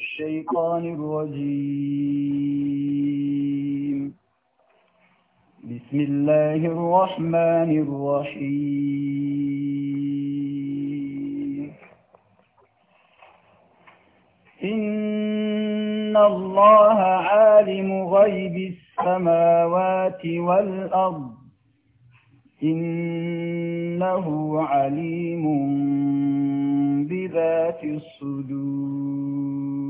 الشيطان الرجيم بسم الله الرحمن الرحيم إن الله عالم غيب السماوات والأرض إنه عليم بذات الصدور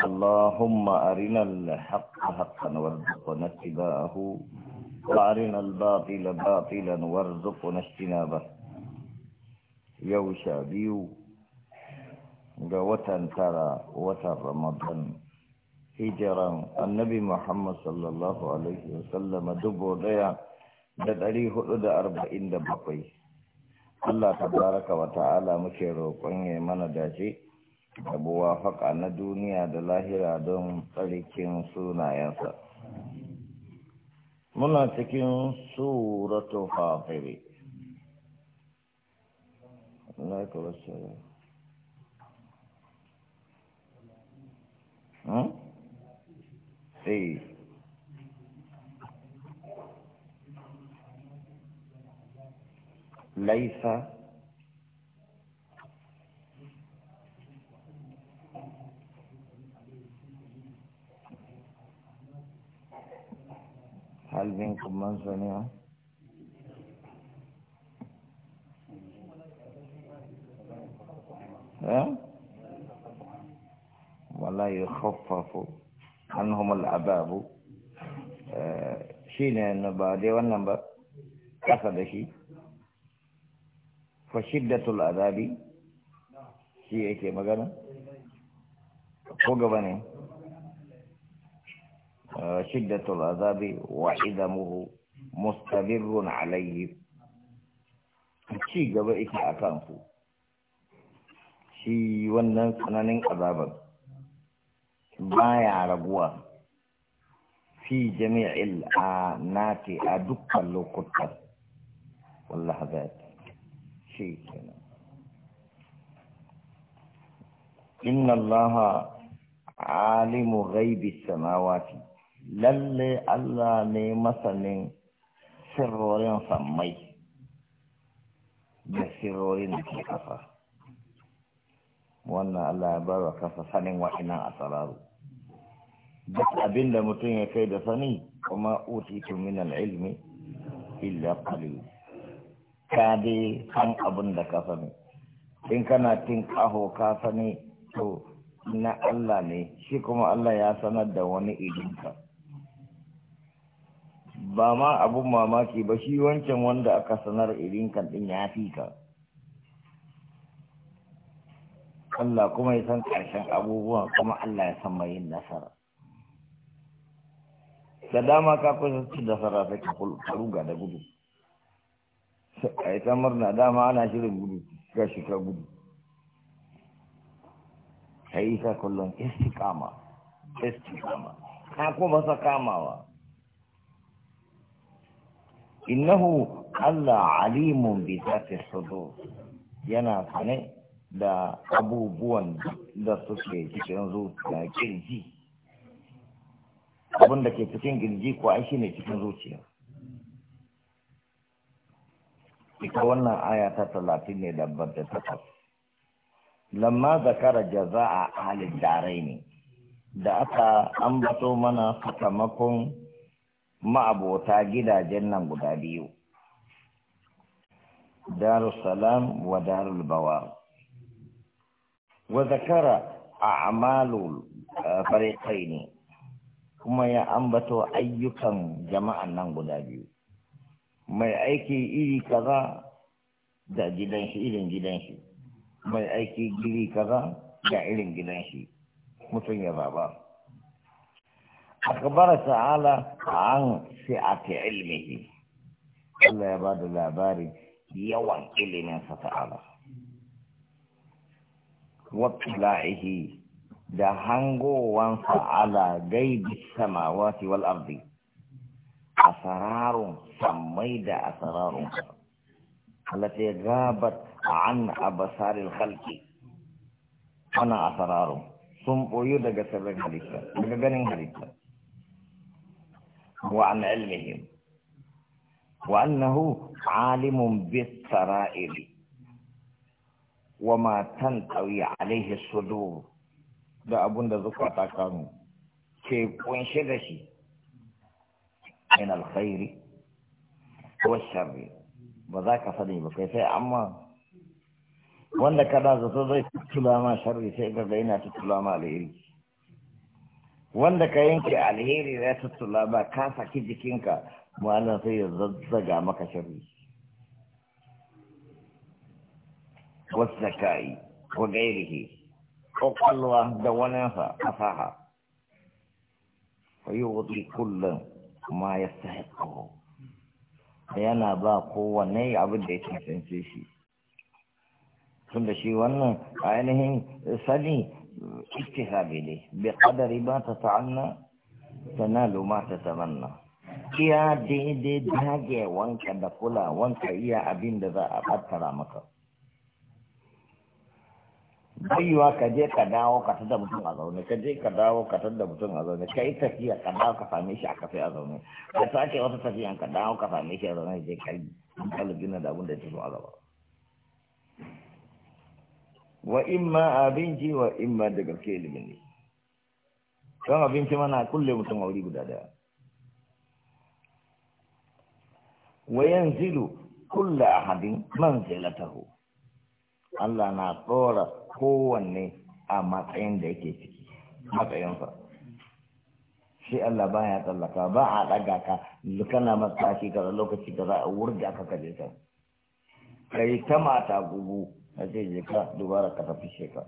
اللهم أرنا الحق حقا وارزقنا اتباعه وأرنا الباطل باطلا وارزقنا اجتنابه يوشا بيو جوتا ترى وتر رمضان hijiran annabi Muhammad sallallahu Alaihi wasallam dubu daya da dari hudu da arba'in da bakwai. Allah ta baraka wa ta'ala muke roƙon ya mana dace da muwafaka na duniya da lahira don tsarkin sunayensa muna cikin suratu hafiri هل منكم من سمع ولا يخفف عنهم العذاب نبا نبادي والنبا كسد شي فشدة العذاب شيء كما مغانا فوق بني شدة العذاب وعدمه مستمر عليه شي غبا إيكي أكامفو شي ونن سننن عذابا ما رقوا في جميع الآنات أدوك اللو قطة والله ذات شي كنا إن الله عالم غيب السماوات lalle Allah ne masanin sirrorin sammai da sirrorin da ke kafa wannan Allah ya bar kasa sanin wa'inan asararu duk abin da mutum ya kai da sani kuma utitu min al-ilmi illa qalil ka dai san abin da ka sani in kana tin kaho ka sani to na Allah ne shi kuma Allah ya sanar da wani idinka ba ma abun mamaki ba shi wancan wanda aka sanar irin kan din ya fi ka Allah kuma ya san ƙarshen abubuwan kuma Allah ya san mai nasara da dama ka kusa su da sarrafa ka ruga da gudu a yi ta murna dama ana shirin gudu ga shi ka gudu ka yi sa kullum istiƙama istiƙama ka kuma sa kamawa innahu Allah alimun bi zafi sudur yana sane da abubuwan da suke cikin zuciya kirji abin da ke cikin kirji ko ai ne cikin zuciya ita wannan aya ta talatin ne da da takwas lamma zakara jaza'a halin darai ne da aka ambato mana sakamakon ma'abota gidajen nan guda biyu darussalam wa darul bawa wa zakara a'malul eh, fariqaini kuma ya ambato ayyukan jama'an nan guda biyu mai aiki iri kaza da gidan shi irin gidan shi mai aiki giri kaza da irin gidan shi mutum ya zaba أخبر تعالى عن سعة علمه الله يبعد العباري يوان إلمن تعالى واطلاعه ده هنغو وانفع على غيب السماوات والأرض أسرار سميد أسرار التي غابت عن أبصار الخلق أنا أسرار sun ɓoyo daga لك halitta daga ganin وعن علمهم وأنه عالم بالسرائر وما تنطوي عليه الصدور da abun da zukata kanu ke kunshe da shi min alkhairi ko sharri ba za ka sani ba kai sai amma wanda kada zato zai tutula ma sharri sai ga yana tutula ma alheri wanda ka yanke alheri ya tattula ba ka saki jikinka malam sai ya zazzaga maka Wasu sharri ko wa ko kwallowa da waninsa saha ko yi wuzi kullum ma ya sahiƙo yana ba kowane abin da ya cancanci shi tun da shi wannan ainihin sani اجتهادي لي بقدر ما تتعنى تنال ما تتمنى iya daidai da kula wanka iya za fattara maka baiwa ka je ka dawo ka tada mutum a zaune ka je ka dawo ka tada mutum a zaune ka yi tafiya ka dawo ka same shi a kafe wata tafiya ka dawo ka same da abin da a gaba wa imma abinci wa imma da gaske ilimi don abinci mana kulle mutum a wuri guda daya wa hadin kulla ahadin lataho. Allah na tsora kowanne a matsayin da yake ciki matsayinsa shi Allah ba ya tsallaka ba a ɗaga ka kana mataki da lokaci da za a wurga ka kaje ta kai ta mata gugu a ce je ka dubara ka tafi sheka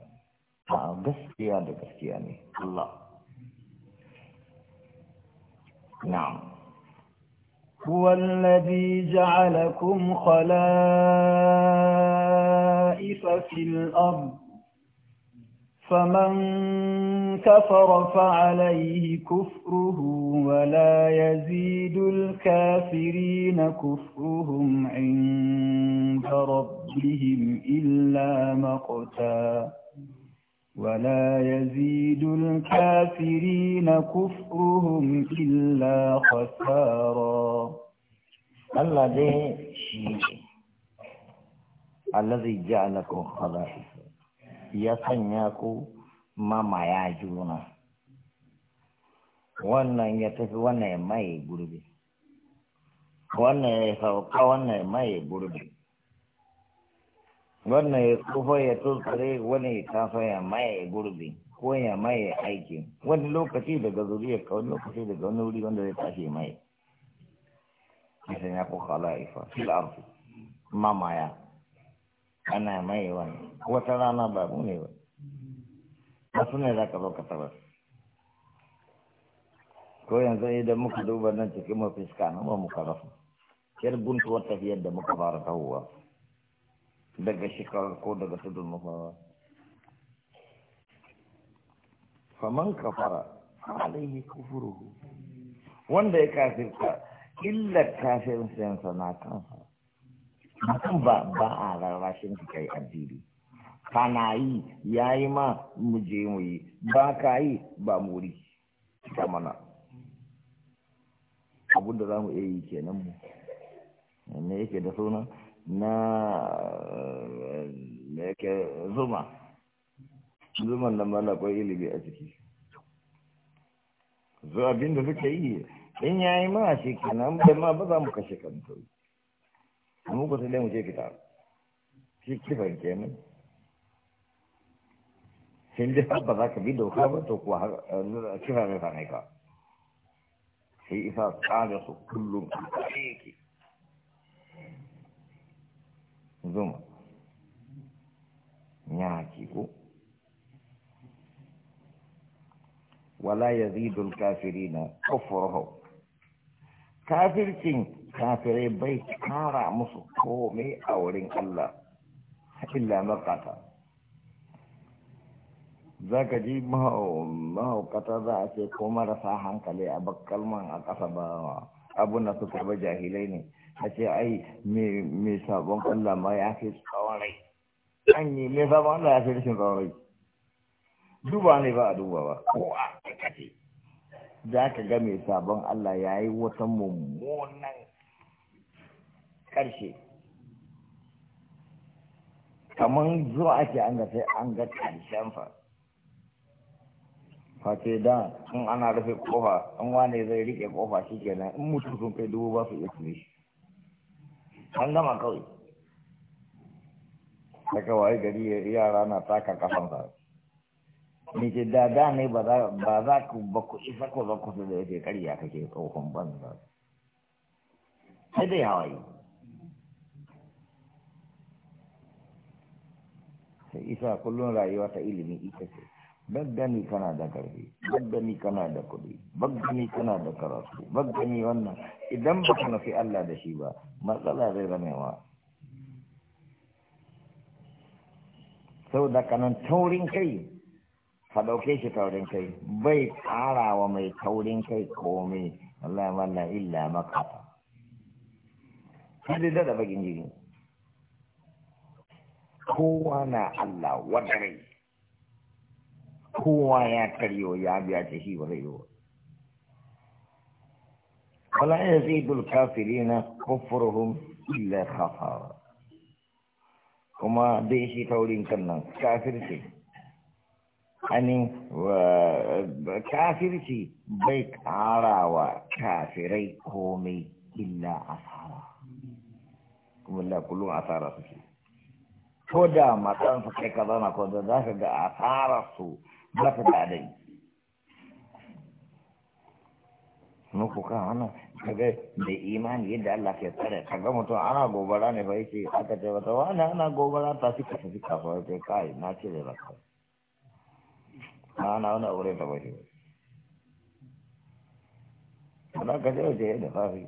a gaskiya da gaskiya ne هو الذي جعلكم خلائف في الأرض فمن كفر فعليه كفره ولا يزيد الكافرين كفرهم عند ربهم ربهم إلا مقتا ولا يزيد الكافرين كفرهم إلا خسارا الذي شيء الذي جعلكم خلائف يصنعكم مما يعجونه wannan ya tafi wannan ya maye gurbi wannan ya sauka wannan ya maye gurbi wannan ya tsufa ya tsotsare wani ya kafa ya maye gurbi ko ya maye aiki wani lokaci daga zuriya ka wani lokaci daga wani wuri wanda zai tashi maye kisan ya kala khala'ifa fil arzu mamaya ana maye wani wata rana ba mu ne ba wasu ne za ka zo ka tabar ko yanzu idan muka duba nan cikin mafiska na ba muka rasu yar buntuwar tafiyar da muka fara tahowa daga shekaru ko daga tudun mafawa faman kafara alaihi kufuru wanda ya kafirta illa kafin sayansa na kansa mutum ba ba a rarrashin ka kai addini kana yi ya yi ma mu je mu yi ba ka yi ba muri ta mana da za mu iya yi kenan mu ne yake da sunan na da yake zuma zuman nan mana ilimi a ciki zo abin da suka yi in ya yi ma shi kenan da ma ba za mu kashe kan tauri mu ku sai mu je fita shi kifan kenan sai da ba za ka bi doka ba to kuwa kifa ne fa ne ka sai isa da su kullum a yake zuma yaki ko wala yazidul na kufruhu kafircin kafirai bai kara musu komai a wurin Allah illa makata za ka ji mahaukata za a ce ko marasa hankali a bakkalman a ƙasa ba abu na suka ba jahilai ne a ce ai me sabon Allah ma ya fi tsawon rai an yi me sabon Allah ya fi rashin tsawon rai duba ne ba a duba ba ko a kace za ka ga me sabon Allah ya yi wata mummunan ƙarshe kamar a ake an ga sai an ga ƙarshen fa face da in ana rufe kofa an wane zai rike kofa shi kenan in mutum sun kai dubu ba su iya tuni shi an gama kawai daga wai gari yara na taka kafansa ni ce da da ne ba za ku ba ku isa ko ba ku su da yake karya kake tsohon banza sai dai hawaii sai isa kullum rayuwa ta ilimi ita ce baggani kana da ƙarfi baggani kana da kuɗi baggani kana da karatu baggani wannan idan ba ka nufi Allah da shi ba matsala zai zamewa sau da kanan taurin kai ka ɗauke shi taurin kai bai wa mai taurin kai komai Allah wannan illa maka sai da bagin jini kowa na Allah wadda rai kowa ya karyo ya biya ce shi ba zai yi wala ya zai na kufurhum illa khafara kuma bai shi taurin kan nan kafirci anin kafirci bai karawa kafirai komai illa asara kuma la kullum asara suke ko da matsansa kai ka zauna ko da za ka ga asararsu ba ta da adai mu kaga da imani yadda Allah ke tsare kaga mutum ana gobara ne fa yake aka ce wata wani ana gobara ta fi ka tafi kasuwa ce kai na ce da raka ana wani aure da bashi ba ka je waje da fafi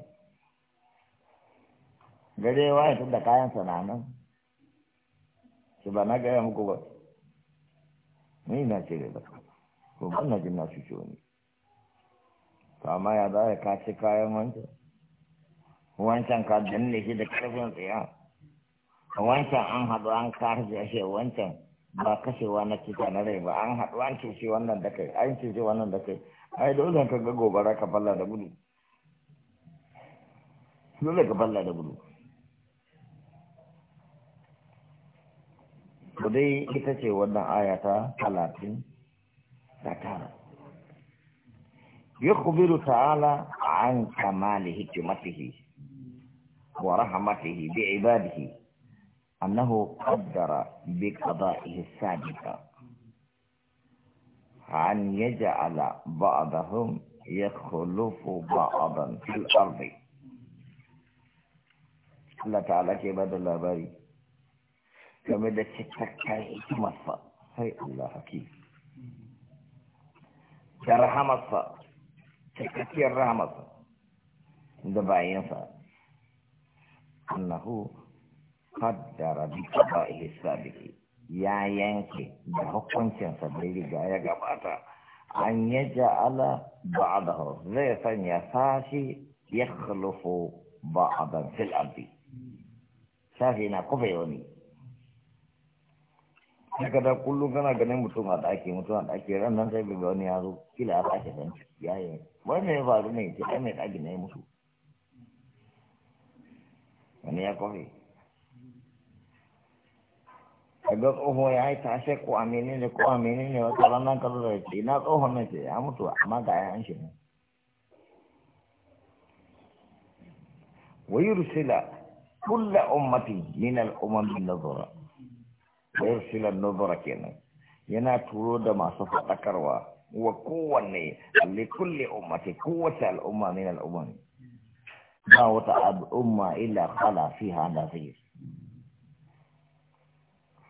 gare wa ya tunda kayan sana'an shi ba na gaya muku ba ni na ce da zaka ko ban na jin na su ciwoni to amma ya za ka ci kayan wancan wancan ka danne shi da karfin tsaya wancan an haɗu an karje shi wancan ba kashewa na cika na rai ba an haɗu an cuce wannan da kai an cuce wannan da kai ai dole ka ga gobara ka balla da gudu dole ka balla da gudu ku dai ita ce wannan ayata talatin da tara yukhbiru ta'ala an kamali hikmatihi wa rahmatihi bi ibadihi annahu qaddara bi qada'ihi sadiqa an yaj'ala ba'dahum yakhlufu ba'dan fil ardi Allah ta'ala ke bada labari game da cikakken hikimarsa sai Allah haki da rahamarsa cikakkiyar rahamarsa da bayansa annahu qaddara bi qada'ihi sabiqi ya yanke da hukuncinsa da riga ya gabata an yaj'ala ba'dahu zai sanya sashi yakhlufu ba'dan fil ardi sashi na kufa yoni sai kada kullum kana ganin mutum a ɗaki mutum a ɗaki ran nan sai ga wani ya zo kila a ɗaki san ya yi wani ya faru ne ce ai mai ɗaki na yi mutu wani ya kofi kaga tsoho ya yi tashe ko a menene ko a menene wata ranar ka da ce na tsohon na ce ya mutu amma ga ya shi ne wa yursila kulla ummati min al-umam bin nazara ويرسل النظر كنا ينا ترود ما صفت كروا وقوة لكل أمة قوة الأمة من الأمم ما وتعب أمة إلا خلا فيها نظير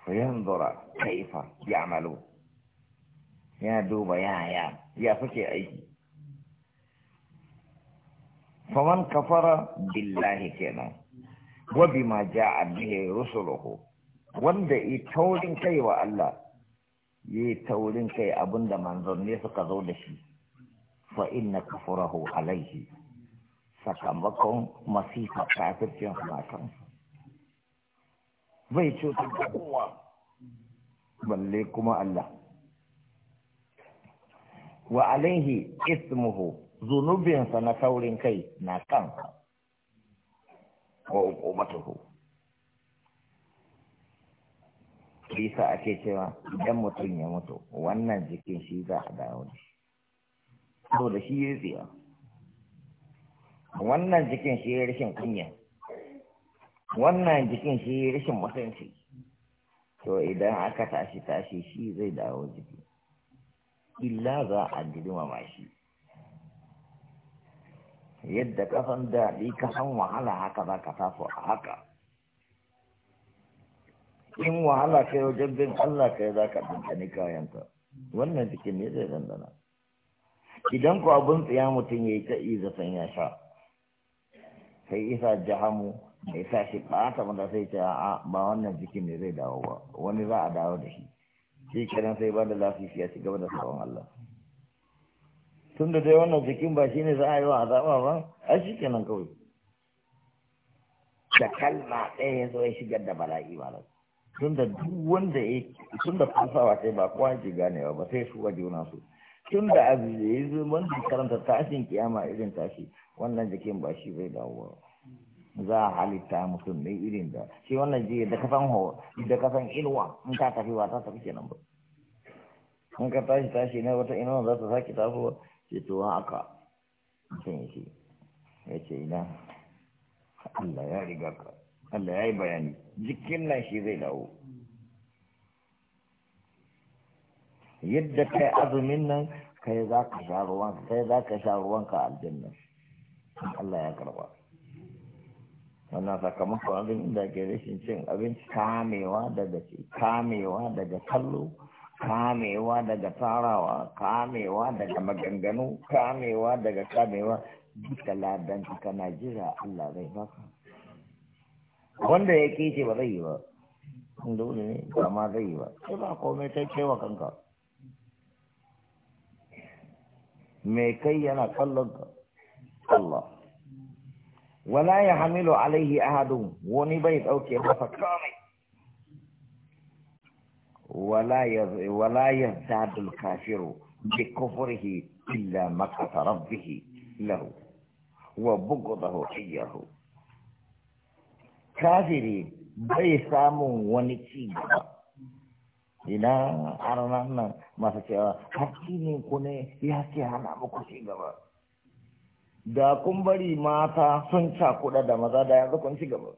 فينظر كيف يعملوا يا دوب يا يا يا فكي أي فمن كفر بالله كنا وبما جاء به رسله wanda yi taurin kai wa Allah ya yi taurin kai abinda manzanni suka zo da shi fa inna kafurahu alaihi sakamakon masifa kafircin hamakan bai cutar da kowa balle kuma Allah wa alaihi ismuhu zunubinsa na taurin kai na kansa wa umatuhu isa ake cewa idan mutum ya mutu wannan jikin shi za a dawo da shi saboda shi ya tsiya wannan jikin shi ya rashin kunya wannan jikin shi ya rashin mutunci to idan aka tashi tashi shi zai dawo jiki illa za a girmama shi yadda kasan daɗi kasan wahala haka za ka taso a haka in wahala kai wajen bin Allah kai za ka ne kayanta? wannan jikin ne zai dandana idan ku abin tsaya mutum ya yi ta iza san ya sha sai isa jahamu mai sa shi ɓata mata sai ce a ba wannan jikin ne zai dawo ba wani za a dawo da shi shi kenan sai ba da lafiya ya ci gaba da sabon Allah tun da dai wannan jikin ba shi ne za a yi wa azaba ba a shi kenan kawai da kalma ɗaya ya zo ya shigar da bala'i malam tunda duk wanda ya tunda fasawa sai ba kowa ke ganewa ba sai su waje juna su tunda abu da ya zo wanda karanta tashin kiyama irin tashi wannan jikin ba shi bai dawo. za a halitta mutum ne irin da shi wannan jiya da kasan ho da kasan ilwa in ka tafi ba ta tafi kenan ba in ka tashi tashi ne wata inuwa za ta sake tasowa ce to haka mutum ya ce ya ce ina Allah ya riga ka Allah ya yi bayani jikin nan shi zai dawo yadda kai azumin nan kai za ka sha ruwan kai za ka sha ruwan ka aljanna Allah ya karba wannan sakamakon abin da ke rashin cin abinci kamewa daga ci kamewa daga kallo kamewa daga tarawa kamewa daga maganganu kamewa daga kamewa duka ladan kana jira Allah zai baka wanda ya kishi ba zai yi ba dole ne ba ma zai yi ba sai ba komai kai cewa kanka mai kai yana kallon ka Allah wala ya hamilu alaihi ahadun wani bai dauke masa komai wala ya wala ya zadul kafiru bi kufrihi illa makata rabbihi lahu wa bughdahu iyyahu kafiri bai samun wani ci gaba ina arnan nan masu cewa haƙƙi ne ku ne ya ce hana muku ci gaba da kun bari mata sun cakuɗa da maza da yanzu kun ci gaba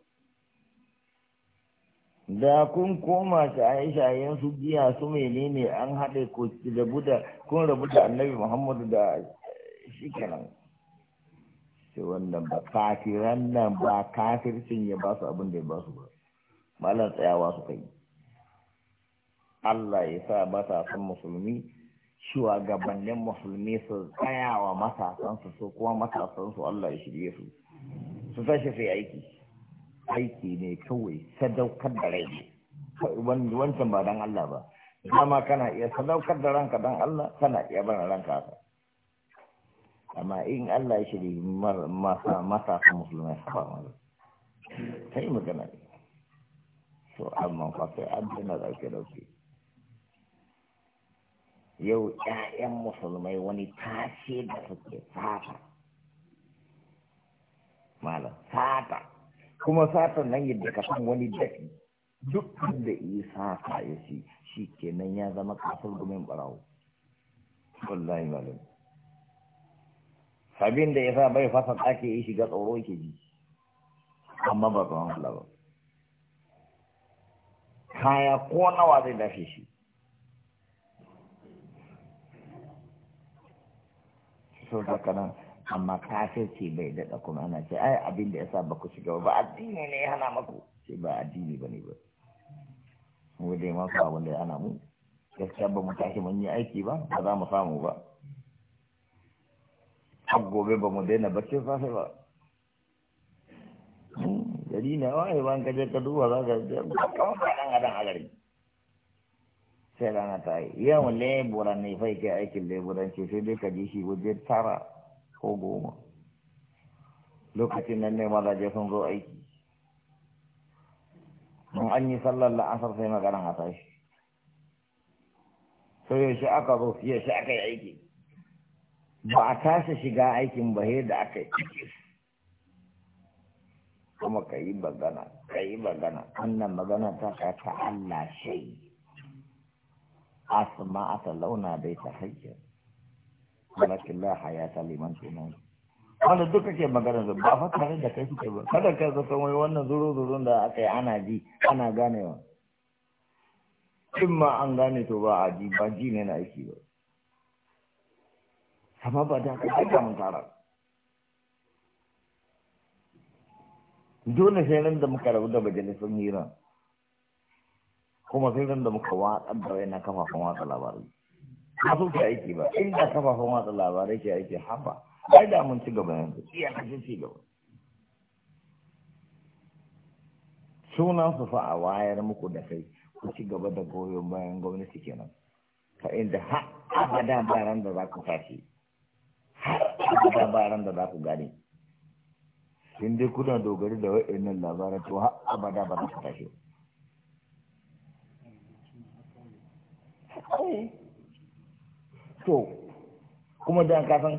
da kun koma shaye-shayen su giya su menene an haɗe ko da kun rabu da annabi muhammadu da shi kenan ce wannan ba kafiran nan ba kafircin ya ba su abin da ya ba su ba malar tsayawa su kai Allah ya sa matasan musulmi gabanin musulmi su tsayawa matasansu su kuma matasansu Allah ya shirye su su tashi sai aiki aiki ne kawai sadaukar da rai wancan ba dan Allah ba dama kana iya sadaukar da ranka dan Allah kana iya bana ranka haka amma in Allah ya shiri masa masa musulmai saba mana ta yi magana ne to amma fa sai an dina da ɗauke yau ƴaƴan musulmai wani tashe da suke fata malam fata kuma fata nan yadda ka san wani dafi dukkan da isa fata ya shi shi kenan ya zama kafin gumin ɓarawo wallahi malam sabin da ya sa bai fasa ake yi shiga tsoro ke ji amma ba tsoron Allah ba kaya ko nawa zai dafe shi so da kana amma ce bai daɗa kuma ana ce ai abin da ya sa baku shiga ba addini ne hana maku sai ba addini ba ne ba mu dai ma fa wanda ya hana mu gaskiya ba mu tashi mun yi aiki ba ba za mu samu ba har gobe ba mu daina baccin safe ba hmm, gari na waye ban kaje ka duba za ka je kawai ba dan adam a gari sai rana ta yi yawon lebura ne fai ke aikin ce sai dai ka ji shi waje tara ko goma lokacin nan ne je sun zo aiki mun an yi sallar la'asar sai maganan a tashi sai yaushe aka zo shi aka yi aiki ba a kasa shiga aikin ba da aka yi kuma ka yi magana ka yi magana wannan magana ta ka ta Allah shai asma ta launa bai ta hajjar walakin la ta liman tunan wanda duk kake magana da ba fa tare da kai suke ba kada ka zata wai wannan zuru zurun da aka yi ana ji ana ganewa in ma an gane to ba a ji ba ji ne na aiki ba amma ba da haka duka mun tara dole sai ran da muka rabu da majalisar hira kuma sai ran da muka watsa da wayannan kafafen watsa labarai Ka so ke aiki ba inda kafafen watsa labarai ke aiki haba ai da mun ci gaba yanzu iya kashe ci gaba sunan su fa a wayar muku da kai ku ci gaba da goyon bayan gwamnati kenan ka inda har abada baran da za ku tashi ba baran da za ku gane sun dai kuna dogari da wa'annan labaran to har abada ba za ku tashi eh. to kuma da kasan?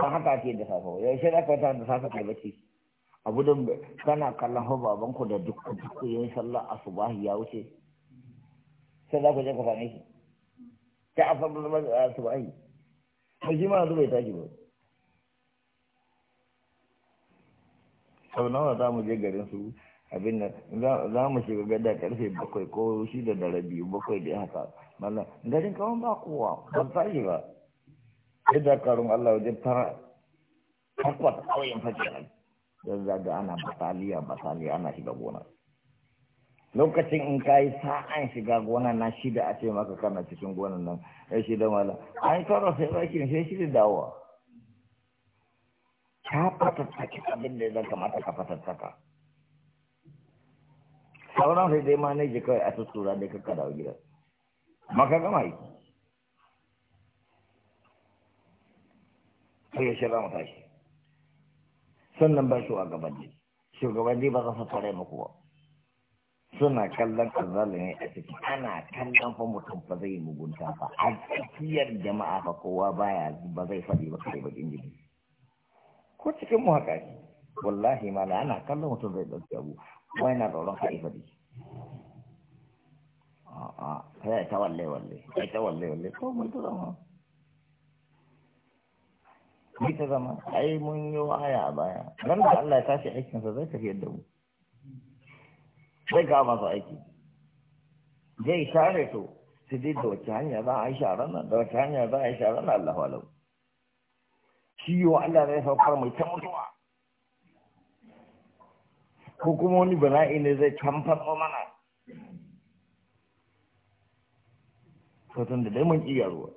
ba haka ke da safo ya shi da kwata da safo ke bace abu da kana kallon hau baban ku da duk duk yin sallah asubahi ya wuce sai za ku je ku fane shi ta asabar asubahi sai shi ma zubai tashi ba sau nawa za mu je garin su abin nan za mu shiga gada karfe bakwai ko shi da rabi bakwai da haka mana garin kawan ba kowa ban tashi ba sai karun Allah wajen tara takwas ƙauyen fajiyar don zaga ana bataliya bataliya ana shiga gona lokacin in ka yi sa'an shiga gona na shida a ce maka kana cikin gonan nan ya shida mala an karo sai bakin sai shida dawowa ka fatattaki abin da zan kamata ka fatattaka sauran sai dai maneji kawai a tuttura da ka dawo gida maka gama yi sai ya shirya mata shi sannan ba shi wa gaban shugabanni ba za su tare muku ba suna kallon azzalumi a ciki ana kallon fa mutum fa zai mugunta fa a tsakiyar jama'a fa kowa baya ba zai faɗi ba kai ba jini ko cikin mu haka ne wallahi la ana kallon mutum zai ɗauki abu kuma yana tsoron kai faɗi a'a sai ta walle walle sai ta walle walle ko mun tura ma ni ta zama ai mun yi waya baya nan da Allah ya tashi sa zai tafi yadda mu sai ka masu aiki zai share su su dai da wacce hanya za a yi sharan nan da wacce hanya za a yi sharan nan Allah walau ciwo Allah zai saukar mai ta mutuwa ko kuma wani bana'i ne zai camfar mana to da dai mun iya ruwa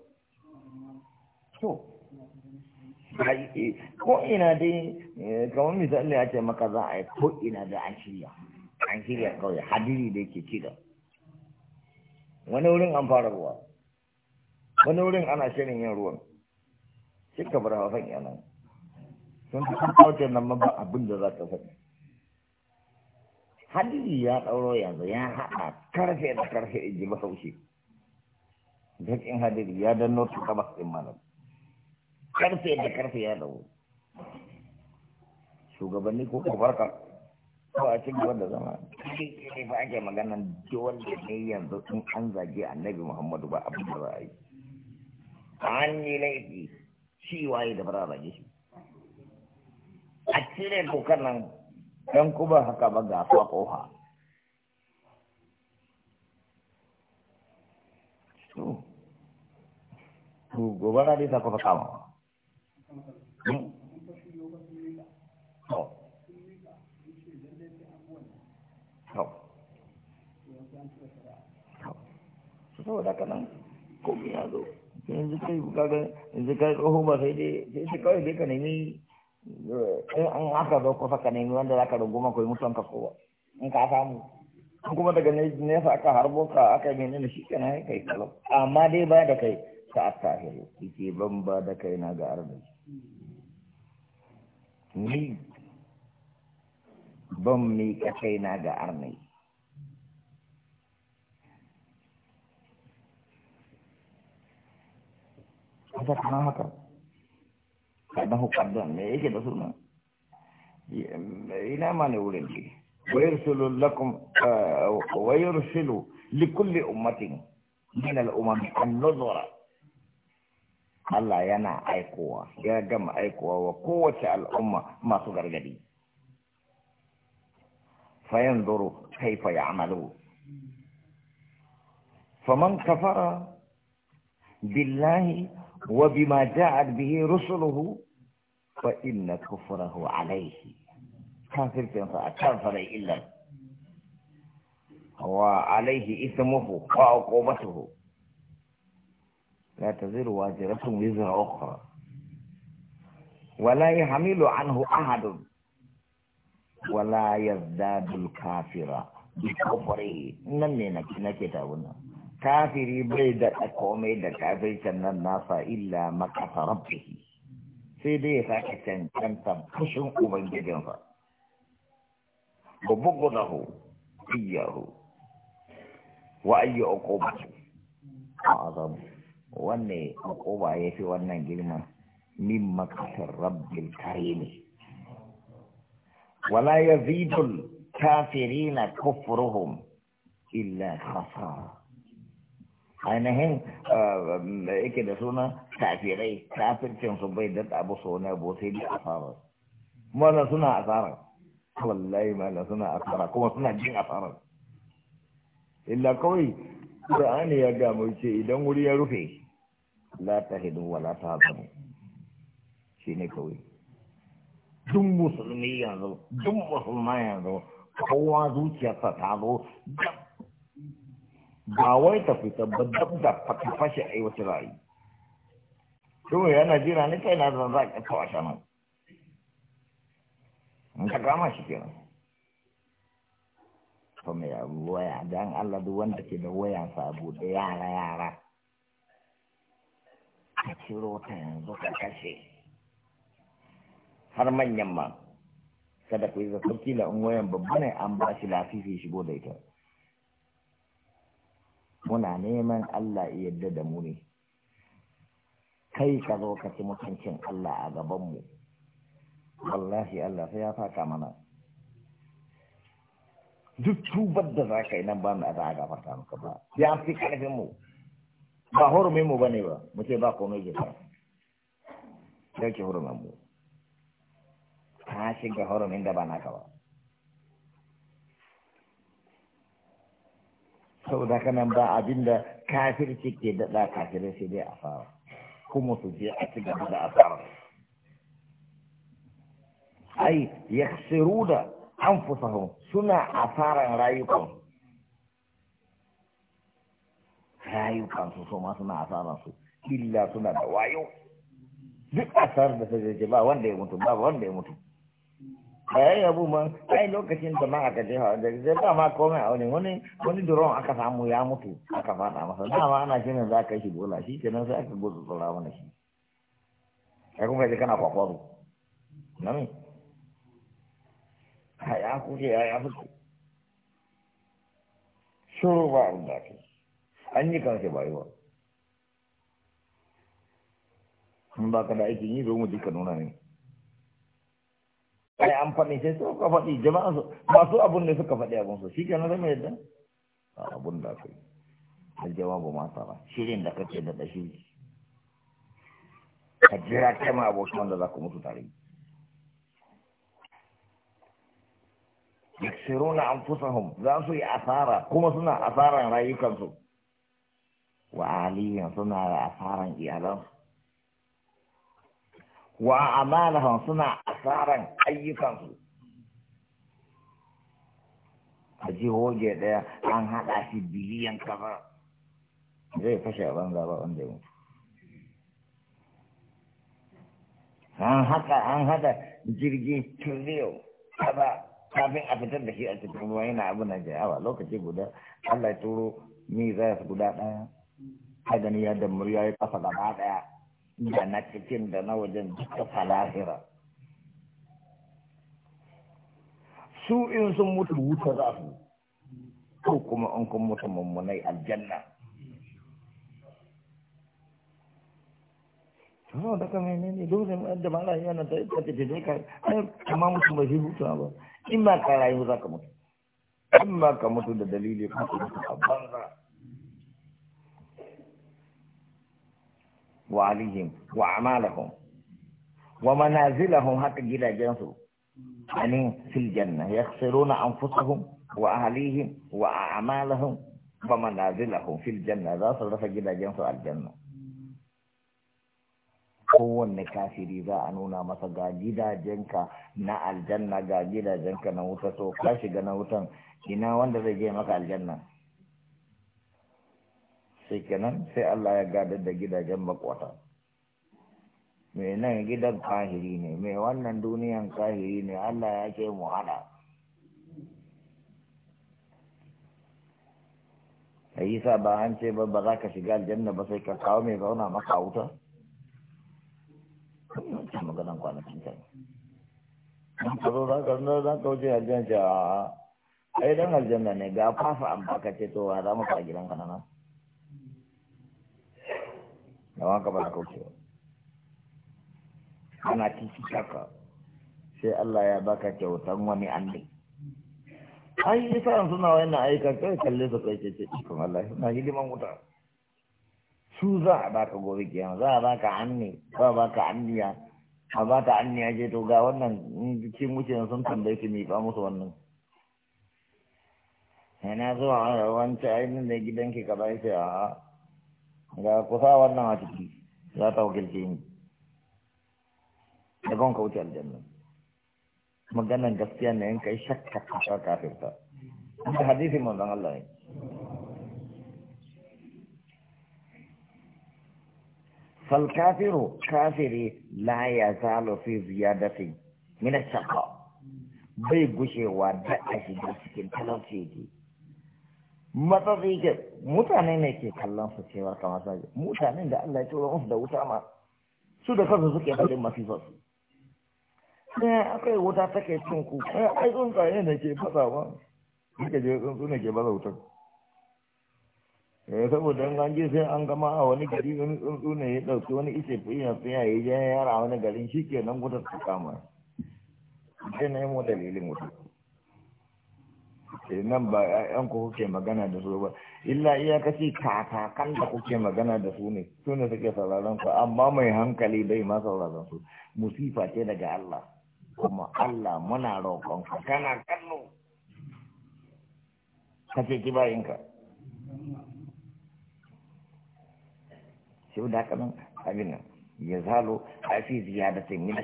ko ina dai eh, kamar misali a ce maka za a yi ko ina da an shirya an shirya kawai hadiri da yake ci wani wurin an fara ruwa wani wurin ana shirin yin ruwan suka bar hausan yanan sun fi sun kauce nan ba abin da za ka faɗi hadiri ya ɗauro yanzu ya haɗa karfe da karfe in ji bahaushe bakin hadiri ya danno ta gabas ɗin malam karfe da karfe ya ɗauro shugabanni ko ka barka ko a ci gaba da zama ne ba ake magana dole ne yanzu in an zage annabi muhammadu ba abin da za a yi an yi laifi shi waye da bara zage shi a cire dokar nan don kuma haka ba ga fa koha to gobara dai ta kama hmm? saboda ka nan komi ya zo yanzu kai kaga yanzu kai tsoho ba sai dai sai sai kawai dai ka nemi eh, in aka zo kusa ka nemi wanda zaka runguma koyi mutuwan ka kowa in ka samu kuma daga nesa aka harbo ka aka yi menene shi kenan kai kalau amma dai ba da kai sa'ad tahiru yake ban ba da kai na ga arziki ni ban kai na ga arnai هذا හතර අනාහත බබහ කබ්බන්නේ ඒකද සුන ඊනාමනේ උලෙන්ටි ويرسل لكم آه، ويرسل لكل أمة من الأمم النظرة الله ينا أي قوة يا جمع أي قوة وقوة الأمة ما تقر جدي فينظروا كيف يعملوا فمن كفر billahi wa bima ja'at bihi rusuluhu fa inna kufrahu alayhi kafirtin fa atafara illa wa alayhi ismuhu wa uqubatuhu la taziru wazirata wizra ukhra ولا يحمل عنه أحد ولا يزداد الكافر بكفره من نكتابنا kafiri bai da komai da kafircin nan nasa illa makasa rabbihi sai dai ya sake cancanta fushin ubangijinsa ba bugu da hu iyahu wa ayyu uqubatu azam wanne uquba yafi wannan girma min makasar rabbil karim wala yazidul kafirina kufruhum illa khasara ainihin eh, eh, yake da suna kafirai kafircin su bai da abu so na abu sai da asara mana suna asara wallahi mana suna asara kuma suna jin asara illa kawai ra'ani ya gamu ce idan wuri ya rufe la hidu wa la shi ne kawai duk musulmi yanzu duk musulma yanzu kowa zuciyarsa ta zo duk ba wai ta fita ba dab da fata fashe a yi wata rayu to yana jira ne kai na zan za ka kawo shi nan in ka gama shi kenan to me waya dan Allah duk wanda ke da waya sabo da yara yara ka ciro ta yanzu ka kashe har manyan ma kada ku yi zafi kila in wayan babba ne an ba shi lafifi shigo da ita muna neman Allah yadda da mu ne kai ka zo ka ci mutuncin Allah a gabanmu wallahi Allah sai ya faka mana duk tubar da za ka yi nan ba mu za a gafarta muka ba ya fi karfin mu ba hurumin mu bane ba mu ce ba komai gida yake hurumin mu ka shiga hurumin da ba naka ba saboda ka nan ba abin da kafirci ke daɗa kafirai sai dai fara kuma su je a ci gaba da asara ai ya siru da an fusahun suna asaran rayukan rayukan su suma suna asaran su illa suna da wayo duk asarar da ta ba wanda ya mutu ba wanda ya mutu bayan eh, yabu ma ai lokacin da ma aka jefa da zai ba ma a wani wani aka samu ya mutu aka fada masa dama ana ne za ka shi bola shi kenan sai aka gudu tsara mana shi kai kuma kaje kana kwakwaro nan ya kuke ya ya fuku shuru ba abin da an yi kansa ba yi ba ka da aikin yi zo mu duka nuna ne kai an faɗi sai su ka faɗi jama'a su masu abun ne suka faɗi abun su shi ke nan zama yadda abun da kai da jawabu ma tsara shirin da kake da dashi ka jira kai ma abokin wanda za ku mutu tare na anfusahum za su yi asara kuma suna asaran rayukansu wa aliyan suna asaran iyalansu wa amalahum suna asaran ayyukansu a jihoge ɗaya an haɗa shi biliyan kaza zai fashe a banza ba wanda ya mutu an haɗa an haɗa jirgi trillion kaza kafin a fitar da shi a cikin ruwa yana abu na jayawa lokaci guda Allah ya turo ni za su guda ɗaya hagani ya da murya ya kafa gaba ɗaya da na cikin da na wajen duka falahira su in sun mutu wuta za su ko kuma an kun mutu mummunai aljanna Sama da kama ne ne dole mu da ma rayuwa na ta yi ta tafi ka ai amma mutum ba shi mutuwa ba in ba ka rayu za ka mutu in ba ka mutu da dalili ka mutu a banza wa alihim wa amalahum wa manazilahum haka gidajensu يعني في الجنة يخسرون أنفسهم وأهليهم وأعمالهم ومنازلهم في الجنة ذا صرف جدا جنس الجنة kowanne kafiri za a nuna masa ga gidajenka na aljanna ga gidajenka na wuta to ka shiga na wutan ina wanda zai je maka aljanna sai kenan sai Allah ya gadar da gidajen makwata mai nan gidan kahiri ne mai wannan duniyan kahiri ne Allah ya ke mu hada sa ba an ce ba ba za ka shiga aljanna ba sai ka kawo mai zauna maka wuta ce maganan kwanakin can an ka zo za ka zo za ka wuce aljanna ce a ai dan aljanna ne ga fafa an baka ce to za mu ka gidan ka nan da wanka ba za ka wuce ba ana titi kaka sai Allah ya baka kyautan wani annabi ai yasa suna na aika kai kalle su kai ce ikon Allah na hidiman wuta su za a baka gobe kiyama za a baka anni za a baka anniya a baka anniya je to ga wannan cikin wucin sun tambaye ki ba musu wannan yana zuwa a wancan ainihin da gidanki ka bai sai a ga kusa wannan a ciki za ta wakilce ni da gon ka wuce aljanna maganan gaskiya ne in kai shakka ka sha kafirta da hadisi manzon Allah ne fal kafiru kafiri la ya yazalu fi ziyadati min ash bai gushewa da a shiga cikin talauci ne matsatsi mutane ne ke kallon su cewa kamar sa mutanen da Allah ya tura musu da wuta ma su da kansu suke halin masifar su sai akai wuta take cin ku eh, ai tsuntsaye ne ke fasa ba kika je tsuntsu ne ke baza wutar eh, saboda in an je sai an gama a wani gari wani tsuntsu ne ya dauki wani ice fiya fiya ya je yara a wani garin shi ke nan wutar ta kama sai na yi mu dalilin wutar eh, nan ba ƴaƴan ku kuke magana da su ba illa iyakaci katakan da kuke magana da su ne su ne suke sauraron ku amma mai hankali bai ma sauraron su musifa ce daga Allah kuma Allah muna roƙonka kana kallo ka ceci bayinka Shi da haka nan abin nan ya zalo a fi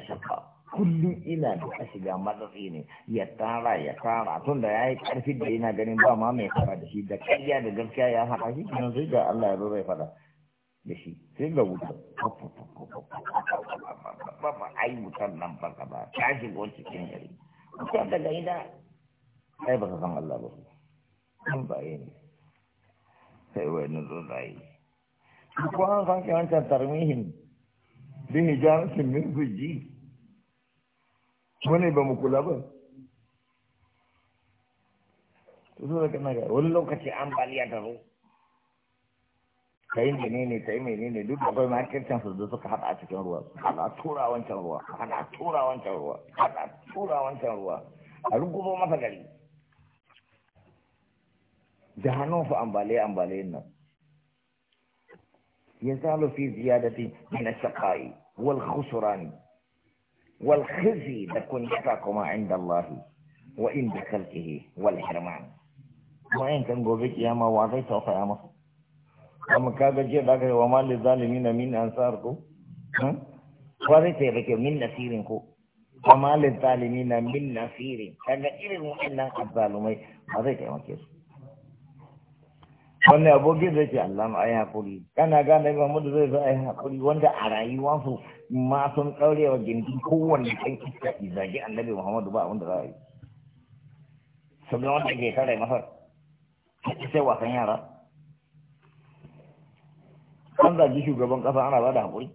shakka kullum ina da a shiga matsatsi ne ya tara ya tara tun da ya yi ƙarfi da yana ganin ba ma mai fara da shi da ƙarya da gaskiya ya haɗa shi kenan sai ga Allah ya zo zai fara da shi sai ga wuta ba ba ai mutan nan ba ka ba ta shigo cikin gari mutum daga gida ai baka san Allah ba an baye ne sai wani yi. ko an san kiran ta tarmihin bi hijaratin min fuji wani ba mu kula ba to so da kana ga wani lokaci ambaliya ta تين جنيني تين جنيني دود أقول ما أكل كان في الدوسك حط عشك الروا حط عطورة وانش الروا حط عطورة وانش الروا حط عطورة وانش الروا ألقوا بوما فقالي جهنم فأمبالي أمبالينا يزال في زيادة من الشقاء والخسران والخزي تكون شكاكما عند الله وإن بخلقه والحرمان وإن كان قوبك يا ما واضي توقع يا مصر amma kaga je da aka yi wa zalimi na min ansar ko hmm? ko zai ce rike min nasirin ko wa zalimi na min nasirin kaga irin wannan azzalumai ba zai taimake su wannan abokin zai ce Allah ma ai hakuri kana gane ba mu da zai zo ai hakuri wanda a rayuwa su ma sun kaure wa gindin kowanne kan iska zagi annabi Muhammadu ba wanda za a yi sabbin wanda ke kare masa sai wasan yara an zagi shugaban kasa ana ba da haƙuri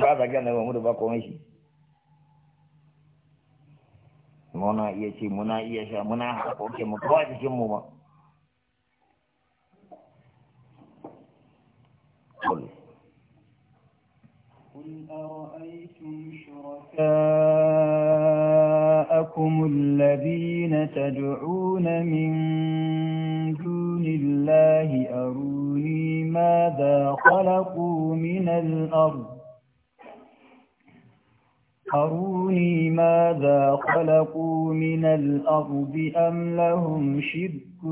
ba zagi annabi Muhammadu ba komai shi muna iya ce muna iya sha muna haƙoƙe mu kawai cikin mu ba قل أرأيتم شركاء جاءكم الذين تدعون من دون الله أروني ماذا خلقوا من الأرض أروني ماذا خلقوا من الأرض أم لهم شرك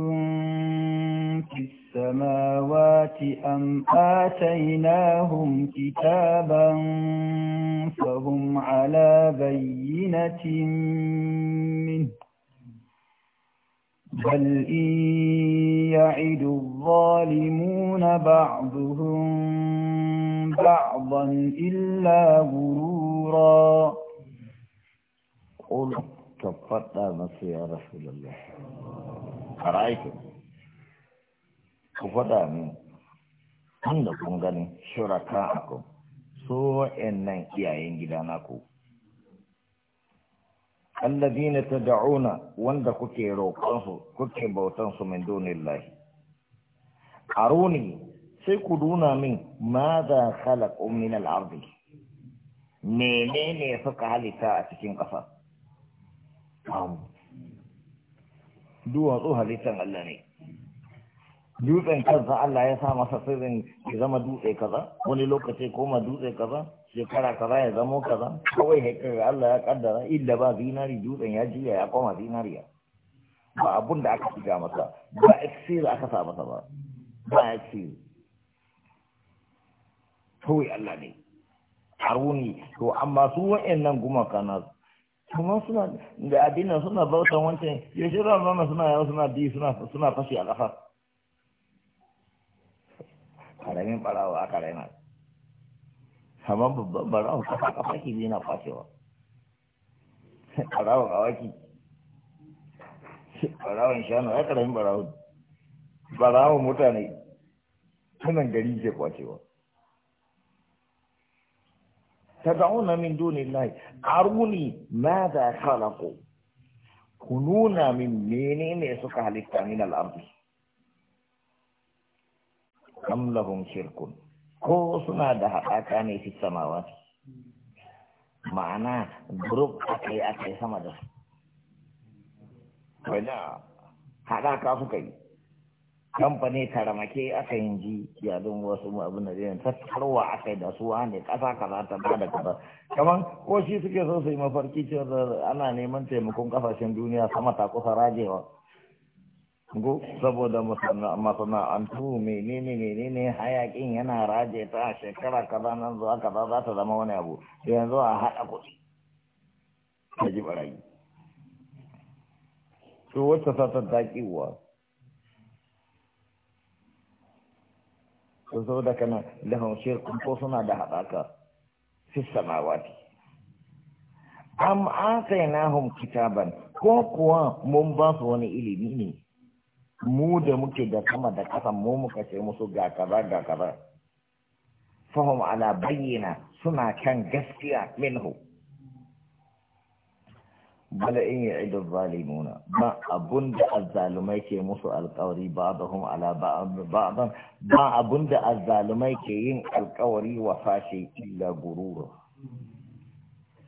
في السماوات أم آتيناهم كتابا فهم على بينة منه بل إن يعد الظالمون بعضهم بعضا إلا غرورا قل تفتى مصر يا رسول الله أرأيتم كفتى من tun da kun gani shuraka akum so in nan iyayen gida naku allazina da'una wanda kuke roƙon kuke bautan su min dunillahi aruni sai ku nuna min ma za khalaqu min al ya menene suka halitta a cikin ƙasa duwatsu halittan Allah ne dutsen kansa Allah ya sa masa sirrin ya zama dutse kaza wani lokaci koma dutse kaza shekara kaza ya zamo kaza kawai haikar Allah ya kaddara inda ba zinari dutsen ya jiya ya koma zinariya ba abun da aka shiga masa ba aka sa masa ba ba kawai Allah ne haruni to amma su wa'annan gumaka na kuma suna da addinin suna bautan wancan ya shi zama suna yawa suna bi suna fashi a ƙasa karamin barawa aka raina amma babban barawa kafa kafa ki biyu na fashewa barawa kawaki barawan shanu ya karamin barawa barawan mutane tunan gari ke kwacewa تدعون من دون الله أروني ماذا خلقوا كنونا من منين يسوك عليك من الأرض أم لهم شرك كوسنا ده أكاني في السماوات معنى جروب أكي أكي سمد ولا هذا كافو كي kamfani taramake aka yin ji don wasu abin da zai tattarwa aka yi da su wani kasa kaza ta ba da kaza kamar ko shi suke so su yi mafarki cewa ana neman taimakon kasashen duniya sama ta kusa rajewa go saboda masana'antu menene menene hayakin yana raje ta shekara kaza nan zuwa kaza za ta zama wani abu yanzu a haɗa kuɗi ta ji barayi to wacce satar ta ƙiwa sun zo da kana lahum shirkun ko suna da haɗaka fi samawati am atainahum kitaban ko kuwa mun ba su wani ilimi ne mu da muke da kama da ƙasan mu muka ce musu ga kaza ga kaza fahum ala bayyana suna kan gaskiya minhu bala in ya idu zalimuna ba abun da azzalumai ke musu alkawari ba da hum ala ba'dan ba abun da azzalumai ke yin alkawari wa fashe illa gururu.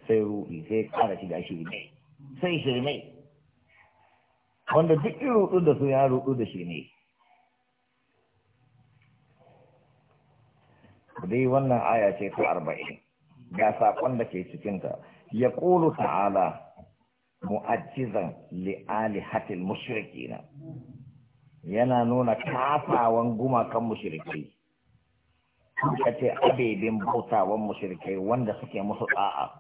sai ruɗi sai ƙara shiga shi ne, sai shirme wanda duk in ruɗu da su ya ruɗu da shi ne dai wannan aya ce ta arba'in ga saƙon da ke cikinta ya ƙulu ta'ala mu'ajizan lialihatil hatil mushrikina yana nuna kafawan gumakan mushrikai suka ce abebin bautawan mushrikai wanda suke musu da'a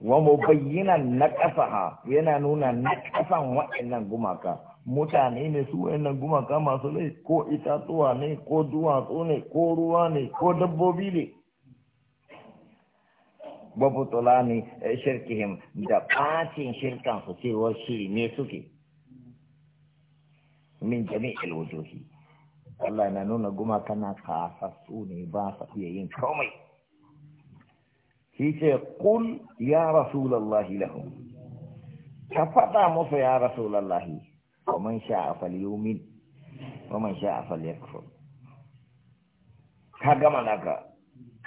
wa mubayyinan na ha, yana nuna na ƙasan waɗannan gumaka mutane ne su waɗannan gumaka masu lai ko itatuwa ne ko duwatsu ne ko ruwa ne ko dabbobi ne wa butulani eh, shirkihim da bacin shirkan su cewa shi ne suke min jami'il wujuhi Allah na nuna guma kana kasassu ne ba sa iya yin komai shi ce kul ya rasulallahi lahum ka faɗa musu ya rasulallahi wa man sha'a falyumin wa man sha'a falyakfur ka gama naka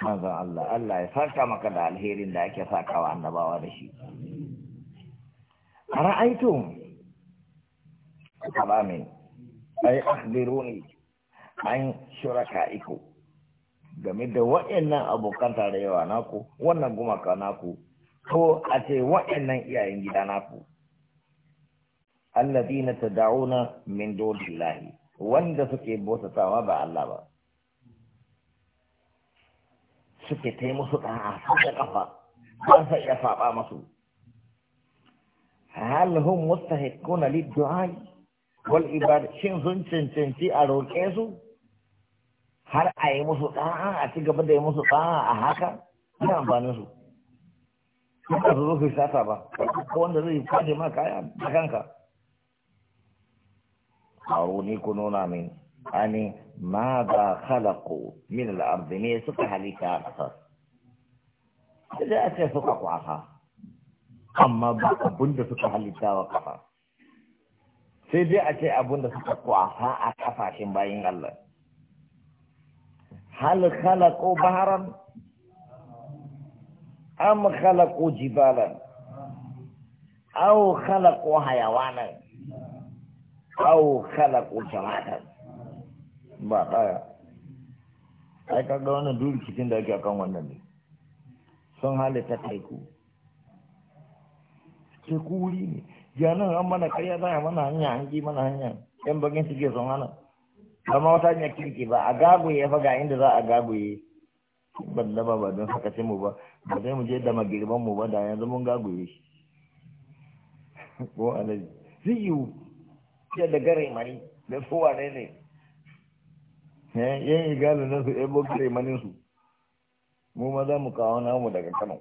manzon Allah Allah ya saka maka da alherin da ake sakawa annabawa da shi ara'aytum kalamin ay akhbiruni an shuraka'iku game da waannan abokan tarayyawa naku wannan gumaka naku ko a ce nan iyayen gida naku alladina tad'una min dunillahi wanda suke bautatawa ba Allah ba suke ta yi musu ɗa'a da ƙafa ba sai ya faɓa masu hal hum mustahiquna lid-du'a wal ibada shin sun cancanci a roƙe su har a yi musu ɗa'a a ci gaba da yi musu ɗa'a a haka ina amfanin su sun ka zo su sata ba ko wanda zai kwaje ma kaya da kanka aro ni ku nuna mini يعني ماذا خلقوا من الأرض من سكة لي أكثر إذا أتى سكة قعها أما بقى بند سكة لي وقفا سيدي أتى أبند سكة قعها أكفا شمباين الله هل خلقوا بحرا أم خلقوا جبالا أو خلقوا حيوانا أو خلقوا جمالا ba ɗaya ai kaga wannan duk cikin da ake akan wannan ne sun halitta teku teku wuri ne janan an mana karya za mana hanya an mana hanya yan bagin suke sun hana amma wata hanyar kirki ba a gagoye ya faga inda za a gagoye ban daba ba don sakacin mu ba ba zai mu je da magirban mu ba da yanzu mun gagoye shi ko alaji zai yiwu da gare mari da kowa ne ne yan igalin nasu yan bokare manin su mu ma za mu kawo namu daga kano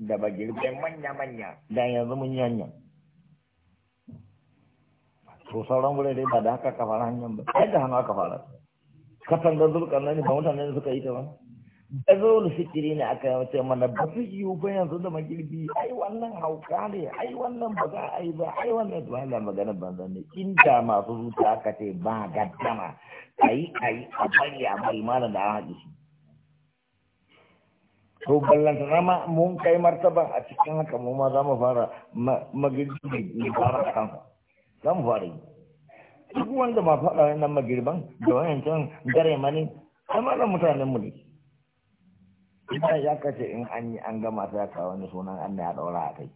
da bagirbe manya-manya da yanzu mun yanya to sauran wurare ba da haka kafara hanyar ba ai da hannu aka fara da zurkan nan ba mutane suka yi ta ba dazol fitiri ne aka yawace mana ba su yiwu ba yanzu da magirbi ai wannan hauka ne ai wannan ba za a yi ba ai wannan ba na magana banza ne inda masu zuta aka ce ba gaddama a yi a yi a bari a bari malam da an haɗe shi to ballanta nama mun kai martaba a cikin haka mu ma za mu fara magirbi ne fara kansa za mu fara yi duk wanda ma faɗa nan magirban da wayancan gare mani kamar mutanen mu ne ina ya kace in an yi an gama ta ka wani sunan Allah ya daura a kai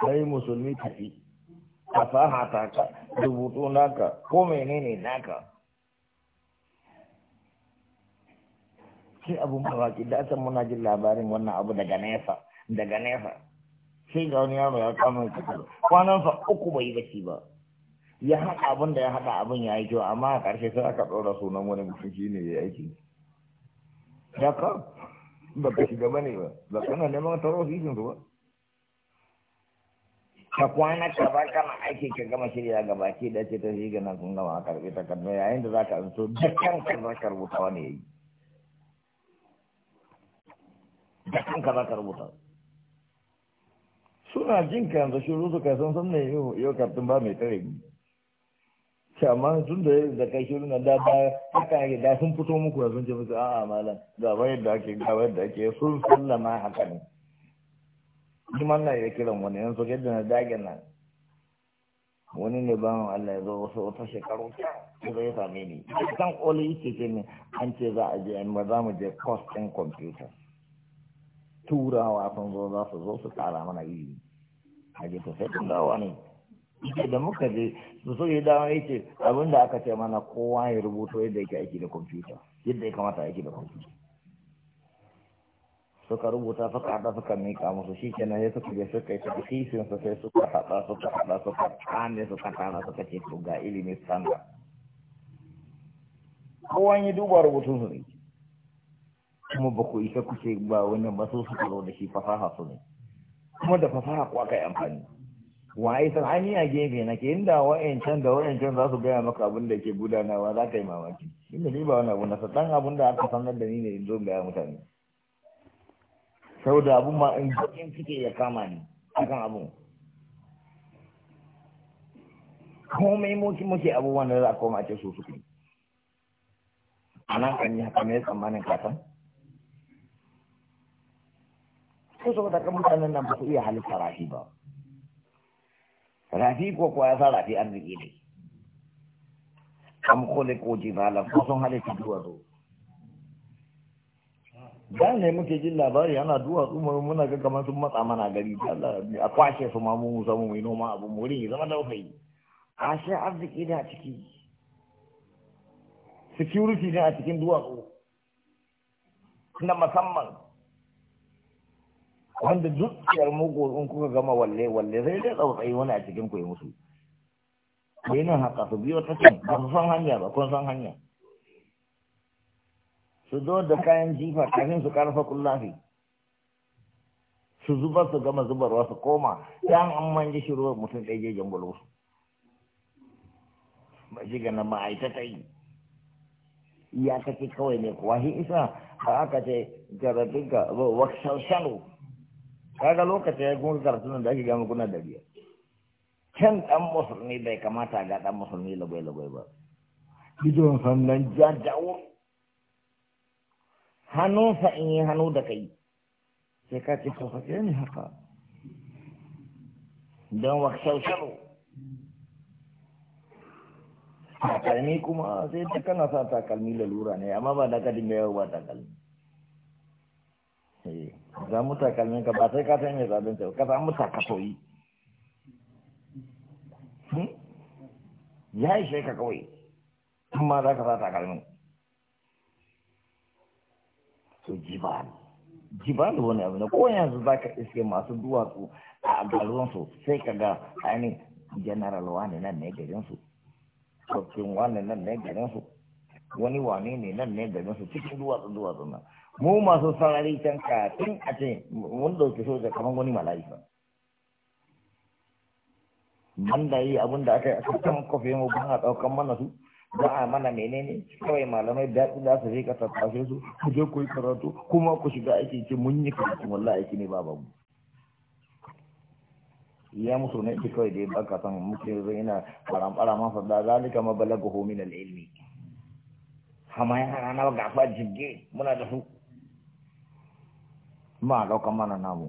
kai musulmi tafi fasaha ta ka rubutu naka ko menene naka sai abun mawaki da ta muna jin labarin wannan abu daga nesa daga nesa sai ga wani yaro ya kama cikin kwanan fa uku bai bace ba ya haɗa abin da ya haɗa abin ya yi kyau amma a ƙarshe sai aka ɗora sunan wani mutum shine ne ya aiki ya ka ba ka shiga ba ba ba kana neman wata ofishin su ba ka kwana ka ba kana aiki ka gama shirya gaba ke da ce ta shi gana kun gama a karɓi takardu yayin da za ka rubuto da kanka za rubuta wani ya yi da kanka za ka rubuta suna jin ka yanzu shiru ka san san ne yau kartun ba mai tare ni ce amma tun da da kai shirin nan da ba haka yake da sun fito muku da sun ce musu a'a malam ga ba yadda ake ga yadda ake sun sallama haka ne kuma na ya kiran wani yanzu yadda na dage nan wani ne mu Allah ya zo wasu wata shekaru ta zo ya same ni kan koli yake ce ne an ce za a je an ba za mu je cost in computer turawa sun zo za su zo su kara mana yi a je ta sai kun dawa ne ita da muka je su so yi dawo ya ce da aka ce mana kowa ya rubuto yadda yake aiki da kwamfuta yadda ya kamata aiki da kwamfuta suka rubuta suka haɗa suka miƙa musu shi kenan ya suka je suka yi ta kisin su sai suka haɗa suka haɗa suka kane suka kana suka ce to ga ilimi standard kowa ya duba rubutun su ne kuma ba ku isa kuce ba wani ba su suka zo da shi fasaha su ne kuma da fasaha ku aka yi amfani waye a ai ni a gefe nake inda wa'ancan da wa'ancan za su gaya maka abin da ke gudanawa za ka yi mamaki inda ni ba wani abu na dan abin da aka sanar da ni ne in zo gaya mutane saboda abun ma in in suke ya kama ni akan abun komai moki moki abubuwan da za a koma ce su suke a nan kan yi haka mai tsammanin kasan ko saboda kan mutanen nan ba su iya halitta rashi ba rafi ko kuwa ya sa rafi arziki ne am kone ko jibala ko sun halitta duwatsu da ne muke jin labari ana duwatsu mai muna ga kamar sun matsa mana gari Allah a kwashe su ma mu samu mu noma abu mu rin zama daukai a shi arziki a ciki security ne a cikin duwatsu na musamman wanda dukiyar mugu in kuka gama walle walle sai dai tsautsayi wani a cikin ku ya musu da yanin haka su biyo ta can ba su san hanya ba kun san hanya su zo da kayan jifa kafin su karfa kullafi su zuba su gama zubarwa su koma yan an manje ji ruwan mutum ɗaya je jangwalo su ba shi gana ma'aikata yi iyakaci kawai ne kuwa shi isa ba aka ce jarabinka ba wakshal shanu. kaga lokacin ya kuma karatu da ake gama kuna da biyar can dan musulmi bai kamata ga dan musulmi lagwai-lagwai ba bidon sannan ja jawo hannunsa in yi hannu da kai sai ka ce sosai ne haka don wa shausharu takalmi kuma sai ta kana sa takalmi lalura ne amma ba da ka dinga yawa ba takalmi za mu takalmin ka ba sai ka san mai zaɓen ta ka samu takatoyi hmm? ya yi ishe ka kawai amma za ka sa takalmin so jibal jibal wani abu na ko yanzu za ka iske masu duwatsu a garinsu sai ka ga ainihin general wani nan ne garinsu tsoffin wani nan ne garinsu wani wane ne nan ne garinsu cikin duwatsu duwatsu nan mu masu sarari can tun a ce mun dauki soja kamar wani mala'ika man da yi abin da aka yi a kan kofi mu ba a daukan mana su za a mana menene kawai malamai daɗi za su je ka tattashe su ku je ku yi karatu kuma ku shiga aiki ce mun yi karatu walla aiki ne babu mu ya musu na ki kawai da ya baka san muke zai ina faramfara masa da zalika ma balaga al ilmi hama ya rana ga fa jigge muna da su ma ɗauka mana namu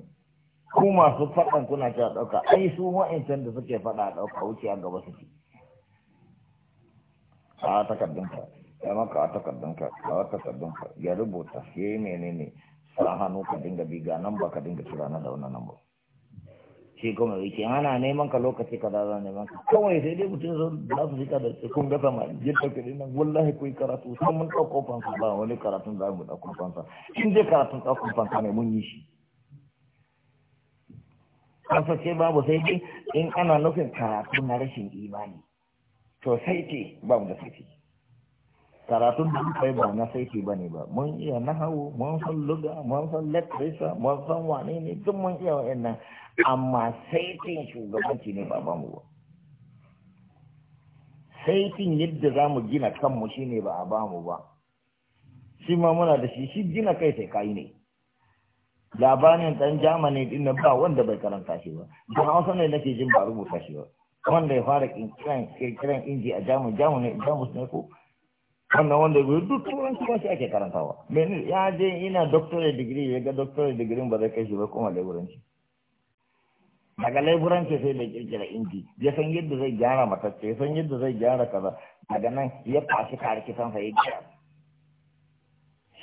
ku masu faɗan kuna cewa ɗauka ai su wa'ancan da suke faɗa a ɗauka wuce a gaba suke a ka ya maka a takardunka a ka ya rubuta ya yi menene sa hannu ka dinga biga nan ba ka dinga kira na da wannan nan ba shi kuma yake ana neman ka lokaci ka zaza neman ka kawai sai dai mutum sun za su kada su kun gasa ma yadda ka nan wallahi kai karatu sun mun ɗauko fansa ba wani karatun za mu ɗauko fansa in dai karatun ɗauko fansa ne mun yi shi fansa ce babu sai dai in ana nufin karatu na rashin imani to sai ke ba mu da sai karatun da muka yi ba na saiti ba ne ba mun iya nahawu mun san luga mun san lecturer mun san wane ne duk mun iya wa'annan amma saitin shugabanci ne ba bamu ba saitin yadda za mu gina kanmu shi ne ba a bamu ba shi ma muna da shi shi gina kai sai kayi ne labarin dan jamani din ba wanda bai karanta shi ba da hausa ne nake jin ba rubuta shi ba wanda ya fara kiran inji a jamus jamus ne ko wannan wanda ya duk turanci ba shi ake karantawa mene ya je ina doctorate degree ya ga doctorate degree ba zai kai shi ba kuma laiburanci daga laiburanci sai da kirkira inji ya san yadda zai gyara matacce ya san yadda zai gyara kaza daga nan ya fashi kare kisansa ya gyara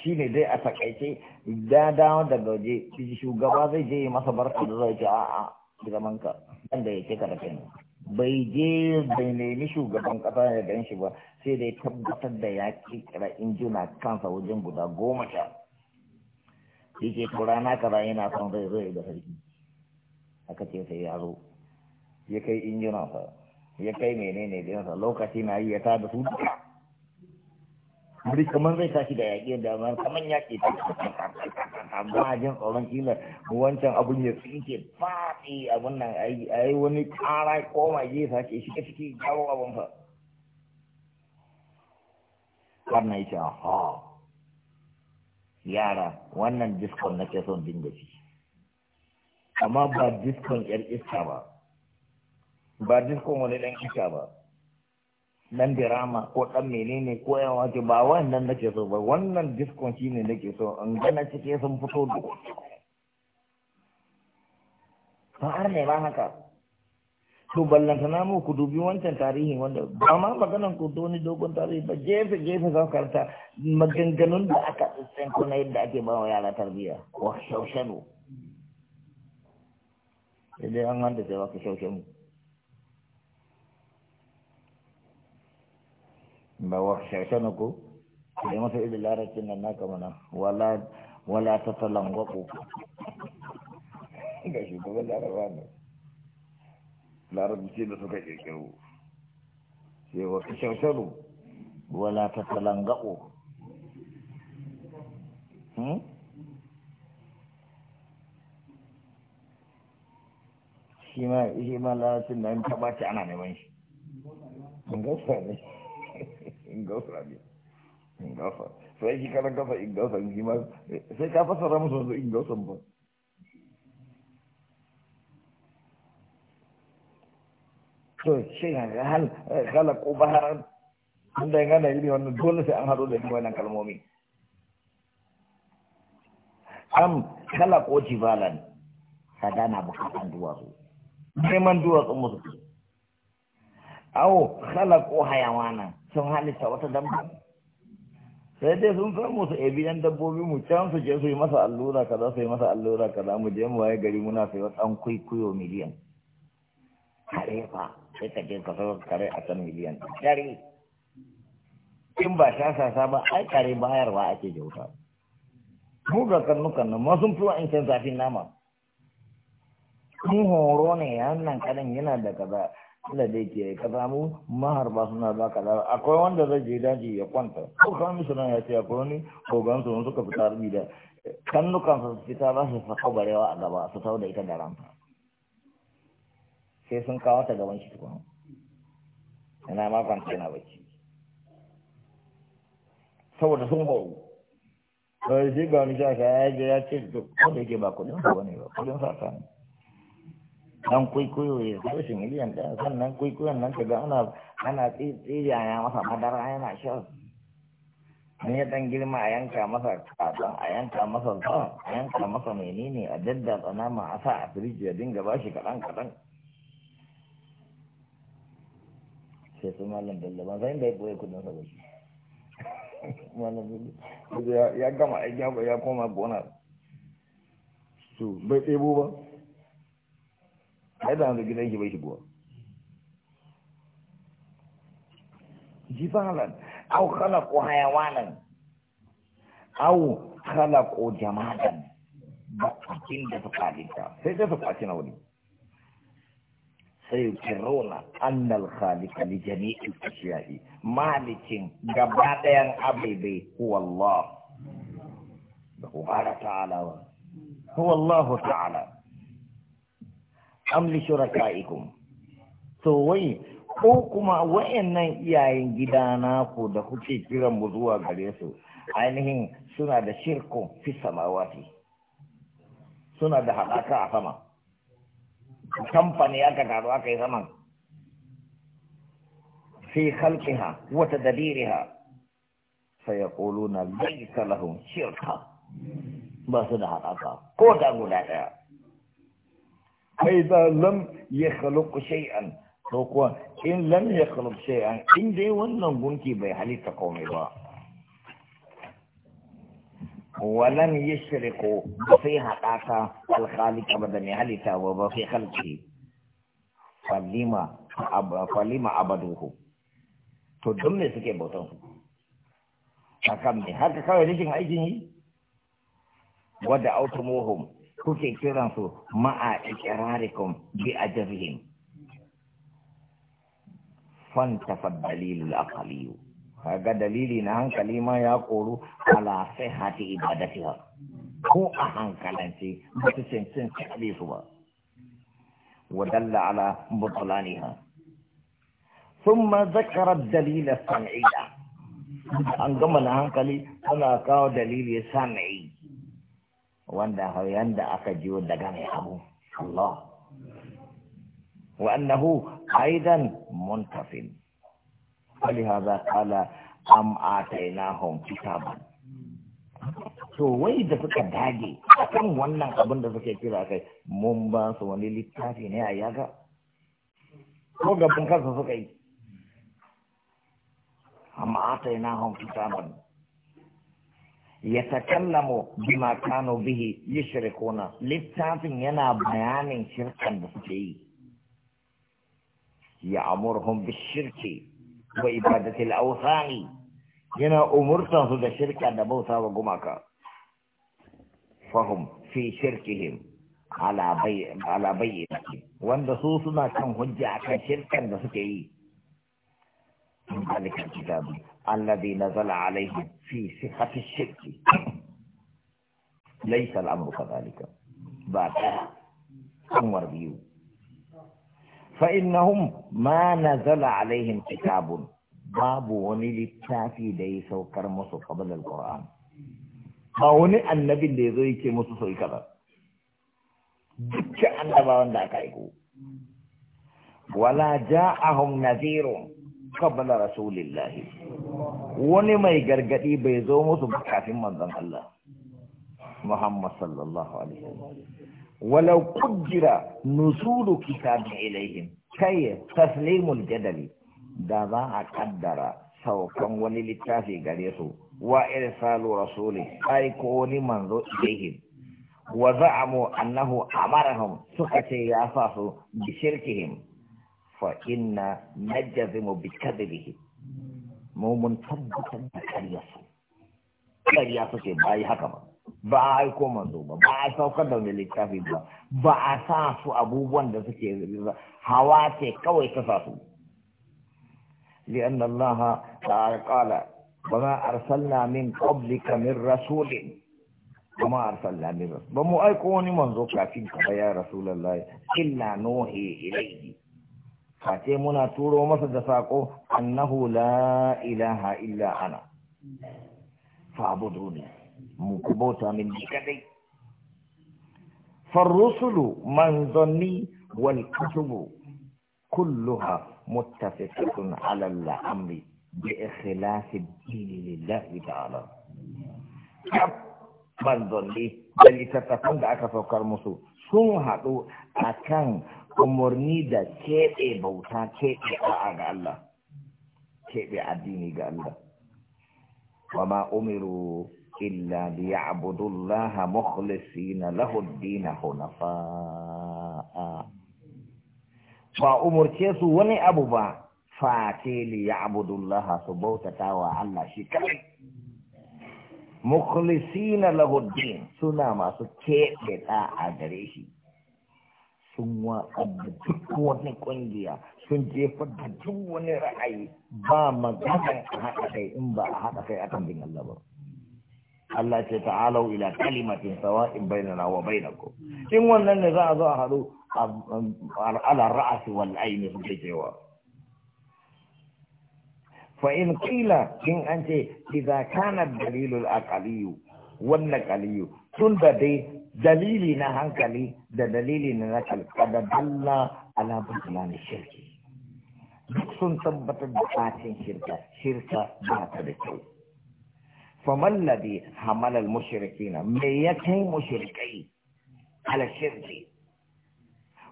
shi ne dai a takaice da dawo daga waje shugaba zai je masa barka da zai ce zaman ka wanda ya ce ka da kai bai je bai nemi shugaban kasa ya gan shi ba sai da ya tabbatar da ya kirkira injina kansa wajen guda goma sha yake ko rana kaza yana son zai zai da sarki aka ce sai ya zo ya kai injina sa ya kai menene dinsa lokaci na yi ya ta da su duka bari kamar zai tashi da yaƙi da ma kamar yaƙi amma jin tsoron kila wancan abun ya tsinke faɗi abun nan a yi wani kara koma ya sake shi ta ciki gawo abun fa wannan ya ha yara wannan diskon na ke son dinga ci amma ba diskon yar iska ba ba diskon wani dan iska ba dan dirama ko dan menene ko yan wace ba wannan nake so ba wannan diskon ne nake so in gana cike sun fito da har ne ba haka to ballanta mu ku dubi wancan tarihi wanda ba ma maganan ku wani dogon tarihi ba gefe gefe za karanta maganganun da aka tsitsin ko na yadda ake ba wa yara tarbiyya wa shaushanu idan an wanda zai waka shaushanu ba wa shaushanu ko sai masa irin larabcin nan naka mana wala wala ta talangwako ga shugaban larabawa ne larabci da suka kirkiru sai wa ta shausharu wala ta talangaɓo hmm? shi ma shi ma larabci na yin taɓa ce ana neman shi in gausa ne in gausa ne in gausa sai shi karan gausa in gausa shi ma sai ka fasara musu wasu in gausan ba to shi hal khalaqu baharan an ya gane iri wannan dole sai an haɗo da wannan kalmomi am khalaqu jibalan sadana bukatan duwatsu neman duwatsun musu aw khalaqu hayawana sun halitta wata dabba sai dai sun samu su ebi yan dabbobi mu can su je su yi masa allura kaza su yi masa allura kaza mu je mu waye gari muna sai wata an kwaikwayo miliyan kare ba sai ka je ka zo kare a san miliyan kare in ba sha sasa ba ai kare bayarwa ake kyauta mu ga karnukan nan ma sun fi wa'ancan zafin nama kun horo ne wannan kadan yana da kaza da dai ke ka samu maharba suna ba ka da akwai wanda zai je daji ya kwanta ko kawai ya ce akwai wani kogan su suka fita harbi da kannukan su fita za su saka barewa a gaba su sau da ita da ranta sai sun kawo ta gaban shi tukun yana ma kwanta yana bacci saboda sun horo bai sai ga wani shaka ya je ya ce duk da yake ba kudin sa bane ba kudin sata ne dan kwaikwayo ya zai shi miliyan ɗaya sannan kwaikwayon nan ka ga ana ana tsiriya ya masa madara yana shan an ya dan girma a yanka masa kaɗan a yanka masa zuwa a yanka masa menene a daddatsa nama a sa a firiji ya dinga ba shi kaɗan kaɗan sai su malam bello ban san da ya boye kudin sa ba malam bello ya gama aiki ya koma gona to bai ɗebo ba ai da yanzu gidan shi bai shigowa jibalan au khalaqu hayawanan au khalaqu jama'atan ba cikin da suka halitta sai da su kwaci na wuri sai yake rola annal khalika li jami'i ashiyahi malikin gaba dayan abaibai huwa Allah da ta'ala wa huwa Allah ta'ala amli shuraka'ikum to wai ko kuma wayannan iyayen gidana ko da kuke kiran mu zuwa gare su ainihin suna da shirku fi samawati suna da hadaka a sama kamfani aka taru aka yi zaman fi sai ya kolo na zai salahun shirka ba su da haɗaka ko da guda ɗaya kai da lam ya khaluqu shay'an ko kuwa in lam ya khaluqu shay'an in dai wannan gunki bai halitta komai ba ولم يشركوا في حقاك الخالق أبدا لحلتا وفي خلقه فلما فلما عبدوه to don me suke bautan su a kan me haka kawai rikin aikin yi wadda automohom kuke kiran su ma'a ikirarikum bi ajrihim fanta faddalilul aqaliyu kaga dalili na hankali ma ya koru ala sai hati ibadati ha ko a hankalance ba su cancanci abe su ba wa dalla ala butlaniha thumma zakara dalil as-sam'iyya an gama na hankali suna kawo dalili sam'i wanda har yanda aka jiwo daga mai abu Allah wa annahu aidan muntafin فلهذا قال أم آتيناهم كتابا to wai da suka dage akan wannan abin da suke kira kai mun ba su wani littafi ne a yaga ko gaban kansa suka yi amma atainahum kitaban yatakallamu bima kanu bihi yushrikuna littafin yana bayanin shirkan da suke yi ya amurhum bishirki wa ibadatil awthani yana umurtan su da shirka da bauta wa gumaka fahum fi shirkihim ala wanda su suna kan hujja akan shirkan da suke yi malikan kitabu alladhi nazala alayhi fi sihati shirki laysa al-amru ba ta kamar biyu فإنهم ما نزل عليهم كتاب باب وني للتافي دي سوكر مصر قبل القرآن فوني النبي اللي ذيك مصر سوي كذا دك النبا وندك أيكو ولا جاءهم نذير قبل رسول الله وني ما يقرقتي بيزو مصر بكافي من الله محمد صلى الله عليه وسلم walau kujira nusuru kitabin ilaihim kai taslimul jadali da za a kaddara saukan wani littafi gare su wa irsalu rasuli aiko wani manzo ilaihim wa za'amu annahu amarahum suka ce ya sa su bi shirkihim fa inna najzimu bi kadhibihi mu mun tabbatar da ƙarya su suke bayi haka ba baai ko manzo ba baai saukar da wani littafi ba ba a sa su abubuwan da suke ba hawa ce kawai لأن الله تعالى قال وما أرسلنا من قبلك من رسول وما أرسلنا من رسول وما أيقون من ذوك يا رسول الله إلا نوحي إليه فاتمنا تورو مسجد ساقو أنه لا إله إلا أنا فاعبدوني mu ku bauta min ji kadai farrusulu manzanni wal kutubu kulluha muttafiqatun ala al-amri bi ikhlasi ad lillahi ta'ala manzanni da littattafan da aka saukar musu sun haɗu a kan umarni da keɓe bauta keɓe ɗa'a ga Allah keɓe addini ga Allah Wama umiru إلا ليعبدوا الله مخلصين له الدين حنفاء فأمرتي سواني أبو با فاتي ليعبدوا الله سبوتة وعلا شكرا مخلصين له الدين سنة ما سكيت أدريشي sun watsar da duk wani kungiya sun jefar da duk wani ra'ayi ba maganar a haɗa kai in ba a haɗa kai akan bin Allah ba. Allah ce ta'alau ila kalimatin sawa'in bainana wa bainakum in wannan ne za a zo a haɗu ala ra'asi wal aini suke cewa fa in qila in an ce idza kana dalilul aqaliyu wannan qaliyu tun da dai dalili na hankali da dalili na nakal kada dalla ala batlan shirki duk sun tabbatar da fatin shirka shirka ba ta da kyau فما الذي حمل المشركين من يكهي مشركي على الشرك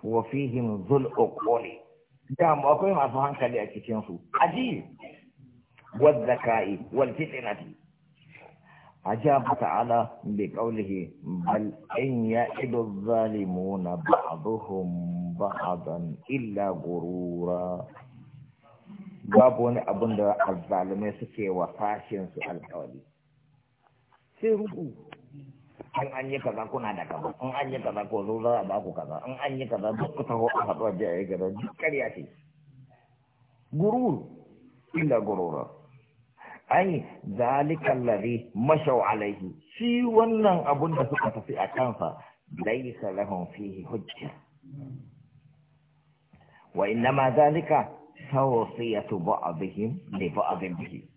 وفيهم ذو الأقول دام أقول ما فهم كلي سو عجيب والذكاء والفتنة أجاب تعالى بقوله بل إن يئد الظالمون بعضهم بعضا إلا غرورا babu wani الظالمين سكي وفاشن سؤال wa sai rubu an an yi kaza kuna da kaza in an yi kaza ko zo za a ba ku kaza in an yi kaza duk ku taho a haɗuwa da ya gaba duk ƙarya ce gurur illa gurura ai zalika lari mashau alaihi shi wannan abun da suka tafi a kansa laysa lahum fihi hujja wa ma zalika tawsiyatu ba'dihim li ba'dihim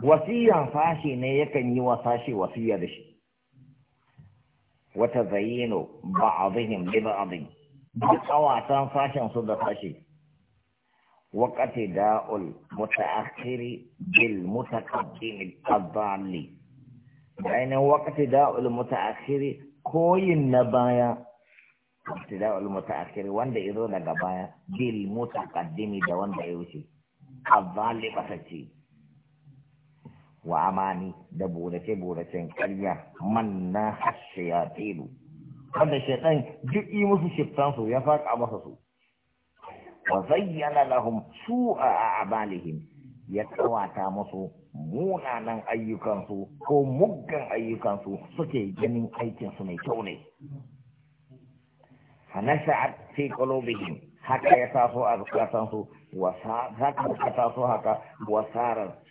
wasiya fashi ne yakan yi wa sashi wasiya da shi wata zayyano ba'adhihim li ba'adhin kawatan fashin su da sashi Wakati da'ul mutaakhiri bil mutaqaddim al-dhalli bayan wakati da'ul mutaakhiri koyin na baya Wakati da'ul mutaakhiri wanda izo daga baya bil mutaqaddimi da wanda ya wuce al-dhalli wa amani da burace-buracen karya na hashe ya tebu wanda shaitan duk yi musu shiftansu ya faka masa su wa zayyana lahum su'a a abalihim ya kawata musu munanan ayyukansu ko muggan ayyukansu suke ganin aikinsu mai kyau ne fanasha'at fi qulubihim haka ya taso a zukatansu wasa haka ya haka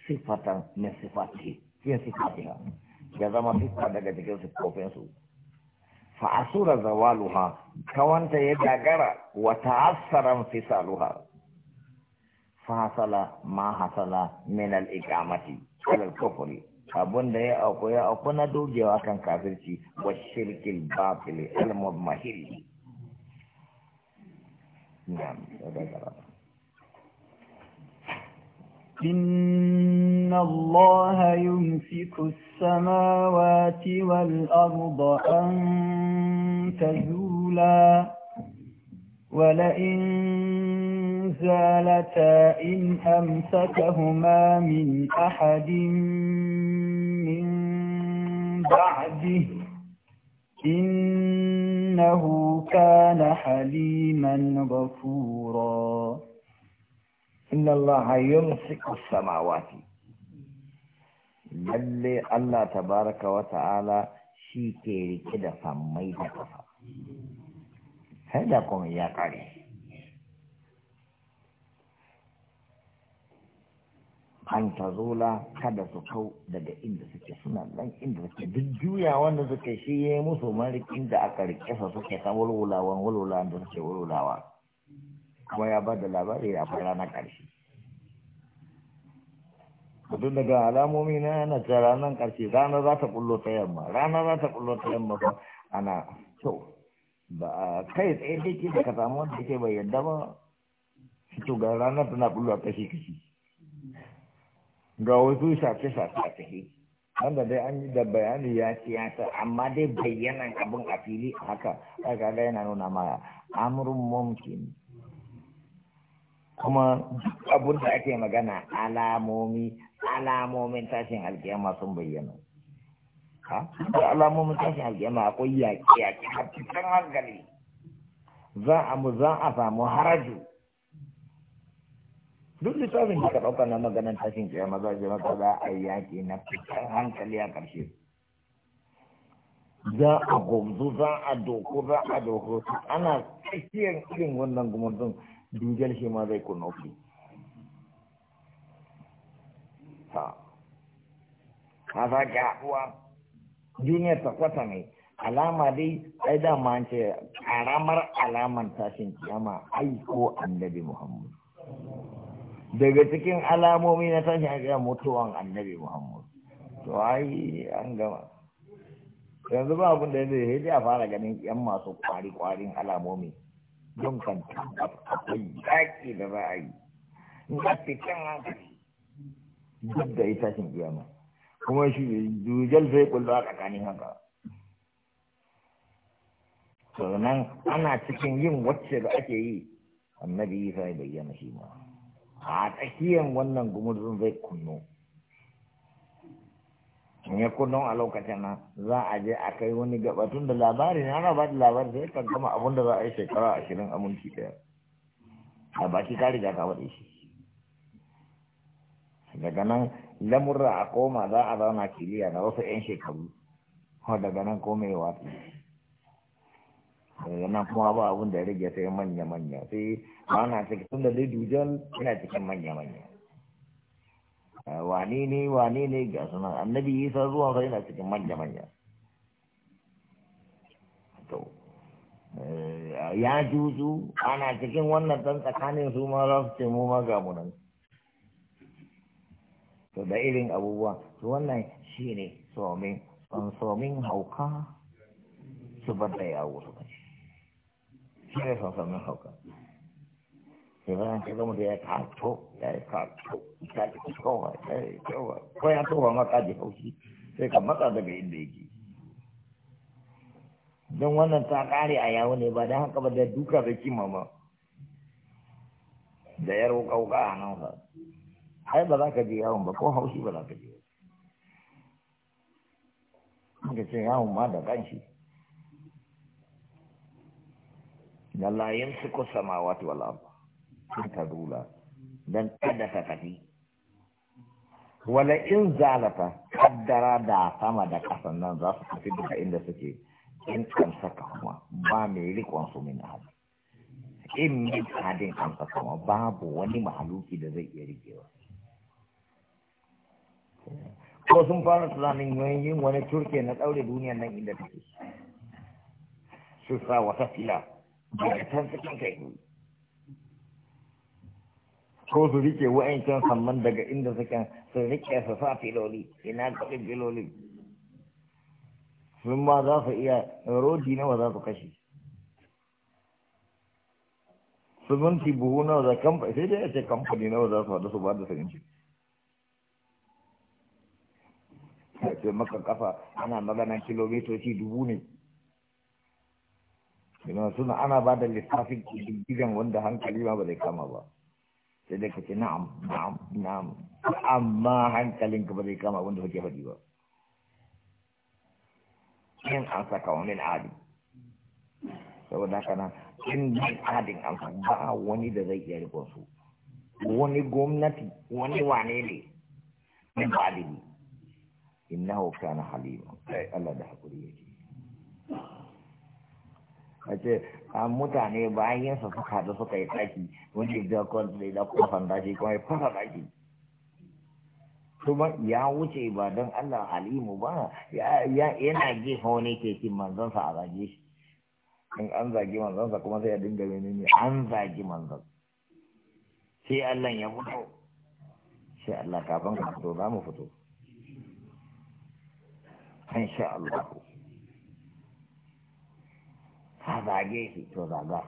sifatan min sifatihi fi sifatiha ya zama sifa daga cikin siffofin su fa asura zawaluha kawanta ya gagara wa ta'assara fisaluha fa hasala ma hasala min al-iqamati kufri abun ya auku ya auku na dogewa kan kafirci wa shirkil batil al-mudmahili na'am da gagara إن الله يمسك السماوات والأرض أن تزولا ولئن زالتا إن أمسكهما من أحد من بعده إنه كان حليما غفورا inna allaha yumsiku samawati lalle Allah tabaraka wa ta'ala shi ke rike da sammai da ƙasa. sai da kuma ya kare an kada su kau daga inda suke suna nan inda suke duk juya wanda suke shi ya musu marikin da aka rike suke ta wulwulawan wulwulawan da suke wulwulawa kuma eh, ya ba da labari a fara na ƙarshe mutum daga alamomi na yana ta ranar ƙarshe rana za ta kullo ta yamma rana za ta kullo ta yamma ba ana kyau ba a kai tsaye da ke da ka samu wanda ke bai yadda ba to ga ranar tana kullo kashi kashi ga wasu shafe shafe a wanda dai an yi da bayani ya siyasa amma dai bayyanan abin a fili haka aka ga yana nuna ma amurin mumkin kuma abun da ake magana alamomi alamomin tashin alkiyama sun bayyana ha da alamomin tashin alkiyama akwai yaƙi yaƙi har cikin hankali za a mu za a samu haraju duk littafin da ka ɗauka na maganar tashin alkiyama za a je maka za a yaƙi na cikin hankali a ƙarshe za a gumzu za a doko za a doko ana tsakiyar irin wannan gumurzun dujal shi ma zai kunno ki ha ka za ga uwa duniyar ta kwata ne alama dai ai dama an ce karamar alaman tashin kiyama ai ko annabi muhammad daga cikin alamomi na tashin kiyama mutuwan annabi muhammad to ai an gama yanzu ba abin da zai a fara ganin yan masu kwari kwarin alamomi don kan akwai yaƙi da za a yi na fitan hankali duk da ita shin kiyama kuma shi dujal zai kulla a tsakanin haka sannan ana cikin yin wacce da ake yi annabi isa ya bayyana shi ma a tsakiyar wannan gumurzun zai kunno ya kullum a lokacin nan za a je a kai wani gabatun da labari na ana ba da labari sai kan gama abin da za a yi shekara ashirin a minti ɗaya a baki ka riga ka faɗi shi daga nan lamurra a koma za a zauna kiliya na wasu 'yan shekaru daga nan komai watsi daga nan kuma ba abin da ya rage sai manya-manya sai ba na cikin da dai dujan ina cikin manya-manya Eh, wane ne wane ne ga sunan annabi isa zuwa sa yana cikin manya manya to eh, ya juju ana cikin wannan dan tsakanin su ma za su ce mu ma ga mu nan to da irin abubuwa to wannan shi ne somin somin hauka su bar da yawo su ne somin hauka sai bayan ka gama da da haushi sai ka wannan ta kare a yawo ne ba don haka da duka da kima ba da ya roƙa wuka a nan ba ai ba za ka yawon ba ko haushi ba za ka yawon ma da kanshi Allah yin suko samawa wal cikin ta zula don kada ta kafi wala in zalata kaddara da sama da kasan nan za su tafi duka inda suke in kan saka kuma ba mai rikon su min hadu in yi hadin kan saka kuma babu wani mahaluki da zai iya rikewa ko sun fara tunanin yin wani turke na daure duniyar nan inda take su sa wata fila daga can cikin kai ko su rike wa'ancan samman daga inda suke su rike su sa filoli ina kaɗin filoli sun ba za su iya rodi nawa za su kashe ci buhu nawa za kamfani sai dai a ce kamfani nawa za su haɗu su ba da a ce maka kafa ana magana kilomitoci dubu ne suna ana ba da cikin gidan wanda hankali ma ba zai kama ba sai dai ka na'am na'am na'am amma hankalin ka ba zai kama abin da kake faɗi ba in an saka wani adi saboda haka nan in bin adin an ba wani da zai iya rikon su wani gwamnati wani wane ne min ba adili innahu kana halima Allah da hakuri yake a a mutane bayan su suka da suka yi tsaki wanda da kwan da ya kofan daji kuma ya fasa daki kuma ya wuce ba don Allah halimu ba yana gefa wani ke cin manzansa a zage shi in an zage manzansa kuma sai ya dinga ne an zage manzon sai Allah ya fito sai Allah kafin ka fito za mu fito insha Allah ka zage shi to zaga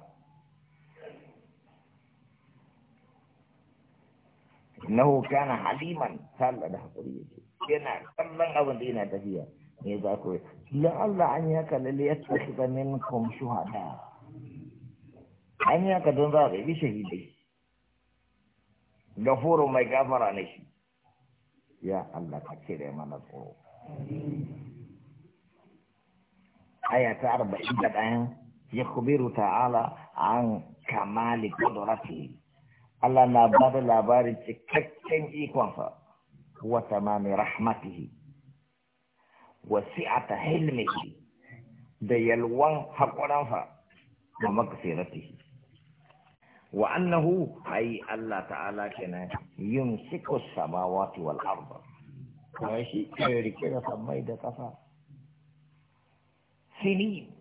innahu kana haliman sallah da hakuri yake yana kallon abin da yana tafiya me za ku la Allah an yi haka lalle ya tafi ga min kum shuhada an yi haka don za a bi shahidai gafuru mai gafara na shi ya Allah ka cire mana tsoro aya ta arba'in da ɗayan yakubiru ta'ala an kamali kudurati Allah na ba labarin cikakken ikonsa wa tamami rahmatihi wa si'ata hilmihi da yalwan haƙuransa da makasiratihi wa annahu Ayi Allah ta'ala kenan yin siko samawati wal arba shi ke rike da samai da kasa sinin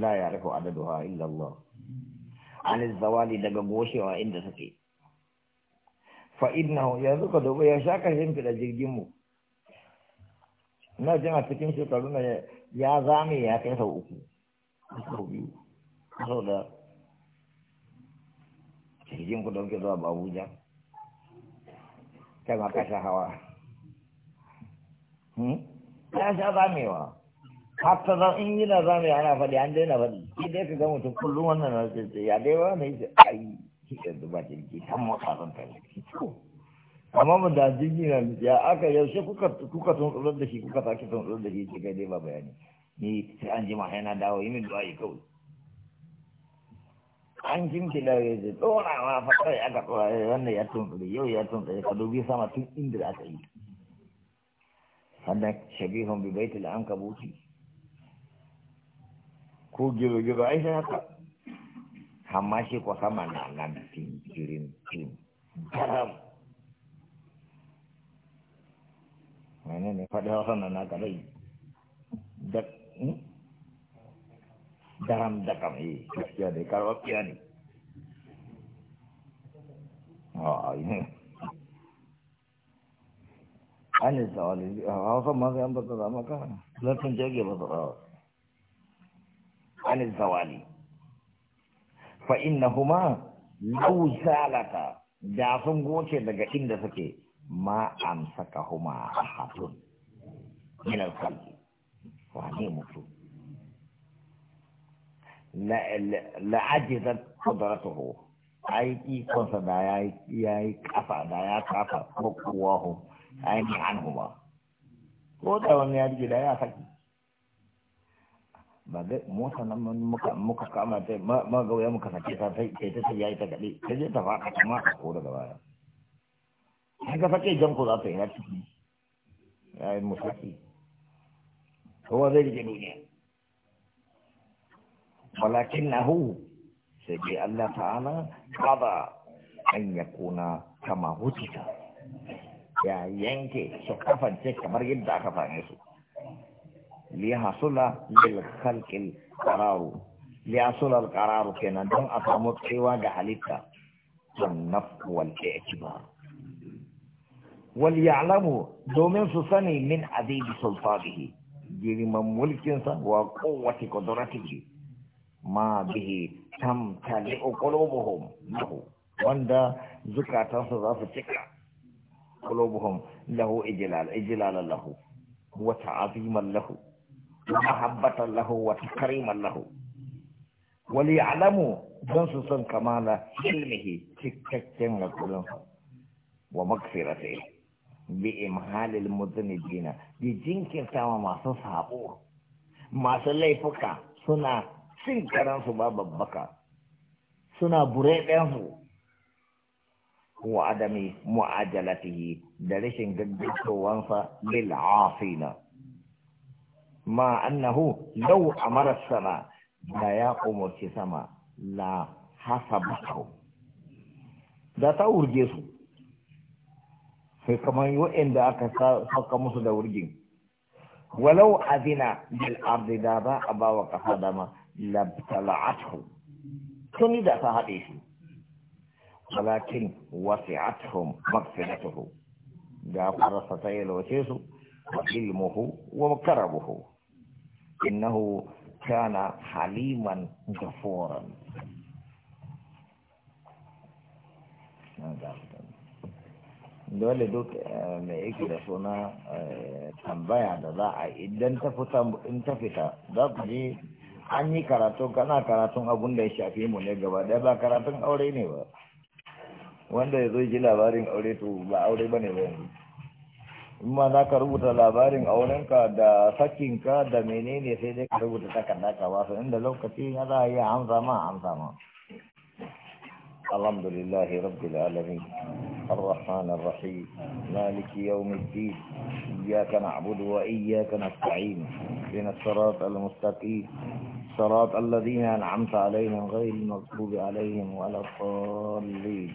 la ya'rifu adaduha illa Allah an zawali daga goshewa inda suke fa innahu yanzu ka dubo ya sha shaka shimfi da jirgin mu na jin cikin shekaru na ya zame ya kai sau uku sau biyu sau da jirgin ku dauke zuwa Abuja kai ma sha hawa ya sha zamewa hatta zan in yi na zami ana faɗi an daina faɗi shi dai ka ga mutum kullum wannan na ce ya dai ba na yi ai yanzu ba zuba jirgi ta motsa zan ta amma mu da jirgi na ya aka yaushe kuka kuka tsoron da shi kuka sake tsoron da shi ce kai dai ba bayani ni sai an jima yana dawo yi min du'a yi kawai an ki da ya ce tsora ma fa kai aka tsora eh, wannan ya tsoron yau ya tsoron ka dubi sama tun inda aka yi sannan shabihun bi baitul Kabuki. ko gizo-gizo ai sai haka amma shi ko sama na nan tin wani ne faɗi hausa na na hmm? daram karwakiya eh, ne hausa ma sai an bata zama jage ba عن الزوال فإنهما لو زالتا da sun goce daga inda ما ma أحد huma ahadun min al-qalbi wane mutu la ajizat qudratuhu da ya yi kafa da ya kafa ko kuwahu ai ni ko da wani ya ya saki ba ga mota nan muka muka kama ta ma ga waya muka sake ta sai kai ta yayi ta gade ta je ta fada kuma a ko daga baya sai ka sake jan ko za ta yi na ciki yayi musaki kowa zai rike duniya walakin nahu sai dai Allah ta'ala kada an yakuna kama hutita ya yanke su kafance kamar yadda aka fane su lihasula bil khalqil qararu lihasula al qararu kenan don a samu tsewa ga halitta wan nafs wal i'tibar wal ya'lamu domin su sani min adidi sultanihi girman sa wa kowace kuduratihi ma bihi tamtali qulubuhum lahu wanda zukatansu za su cika qulubuhum lahu ijlal ijlalan lahu wa ta'ziman lahu ومحبة له وتكريما له وليعلموا جنسوسا كمال حلمه تكتن لكلهم ومغفرته بإمهال المذنبين بجنكر تاما ما تصحبوه ما سليفك سنة سنكران سباب بكا بريد بريدانه وعدم معاجلته دلشن قد وانفا للعاصينا ما annahu law amara sama da ya umurci sama la hasabatu da ta urge su sai kamar wa'anda aka sauka musu da wurgin walau azina bil ardi da ba a ba wa kasa dama labtala'athu tuni da ta haɗe shi walakin wasi'atuhum maghfiratuhu ga farasa ta yalwace su wa ilmuhu wa karabuhu إنه كان Haliman غفورا dole duk mai yake da suna tambaya da za a idan ta fita in ta fita za ku ji an yi karatu kana karatun abun da ya shafi mu ne gaba ɗaya ba karatun aure ne ba wanda ya zo ji labarin aure to ba aure ba ne ba yanzu in ma za rubuta labarin aurenka da sakinka da menene sai dai ka rubuta takardaka ba su inda lokaci ya za a yi hamza ma hamza ma alhamdulillahi rabbil alamin الرحمن الرحيم مالك يوم الدين إياك نعبد وإياك نستعين من الصراط المستقيم صراط الذين أنعمت عليهم غير المغضوب عليهم ولا الضالين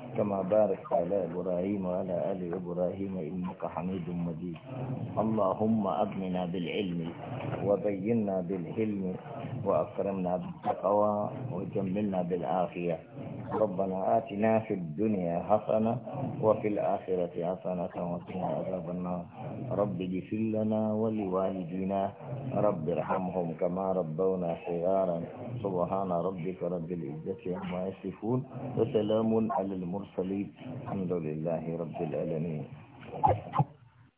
كما باركت على إبراهيم وعلى آل إبراهيم إنك حميد مجيد اللهم أغننا بالعلم وبينا بالحلم وأكرمنا بالتقوى وجملنا بالعافية ربنا آتنا في الدنيا حسنة وفي الآخرة حسنة وقنا عذاب النار رب اغفر لنا ولوالدينا رب ارحمهم كما ربونا صغارا سبحان ربك رب العزة عما يصفون وسلام على المرسلين المرسلين الحمد لله رب العالمين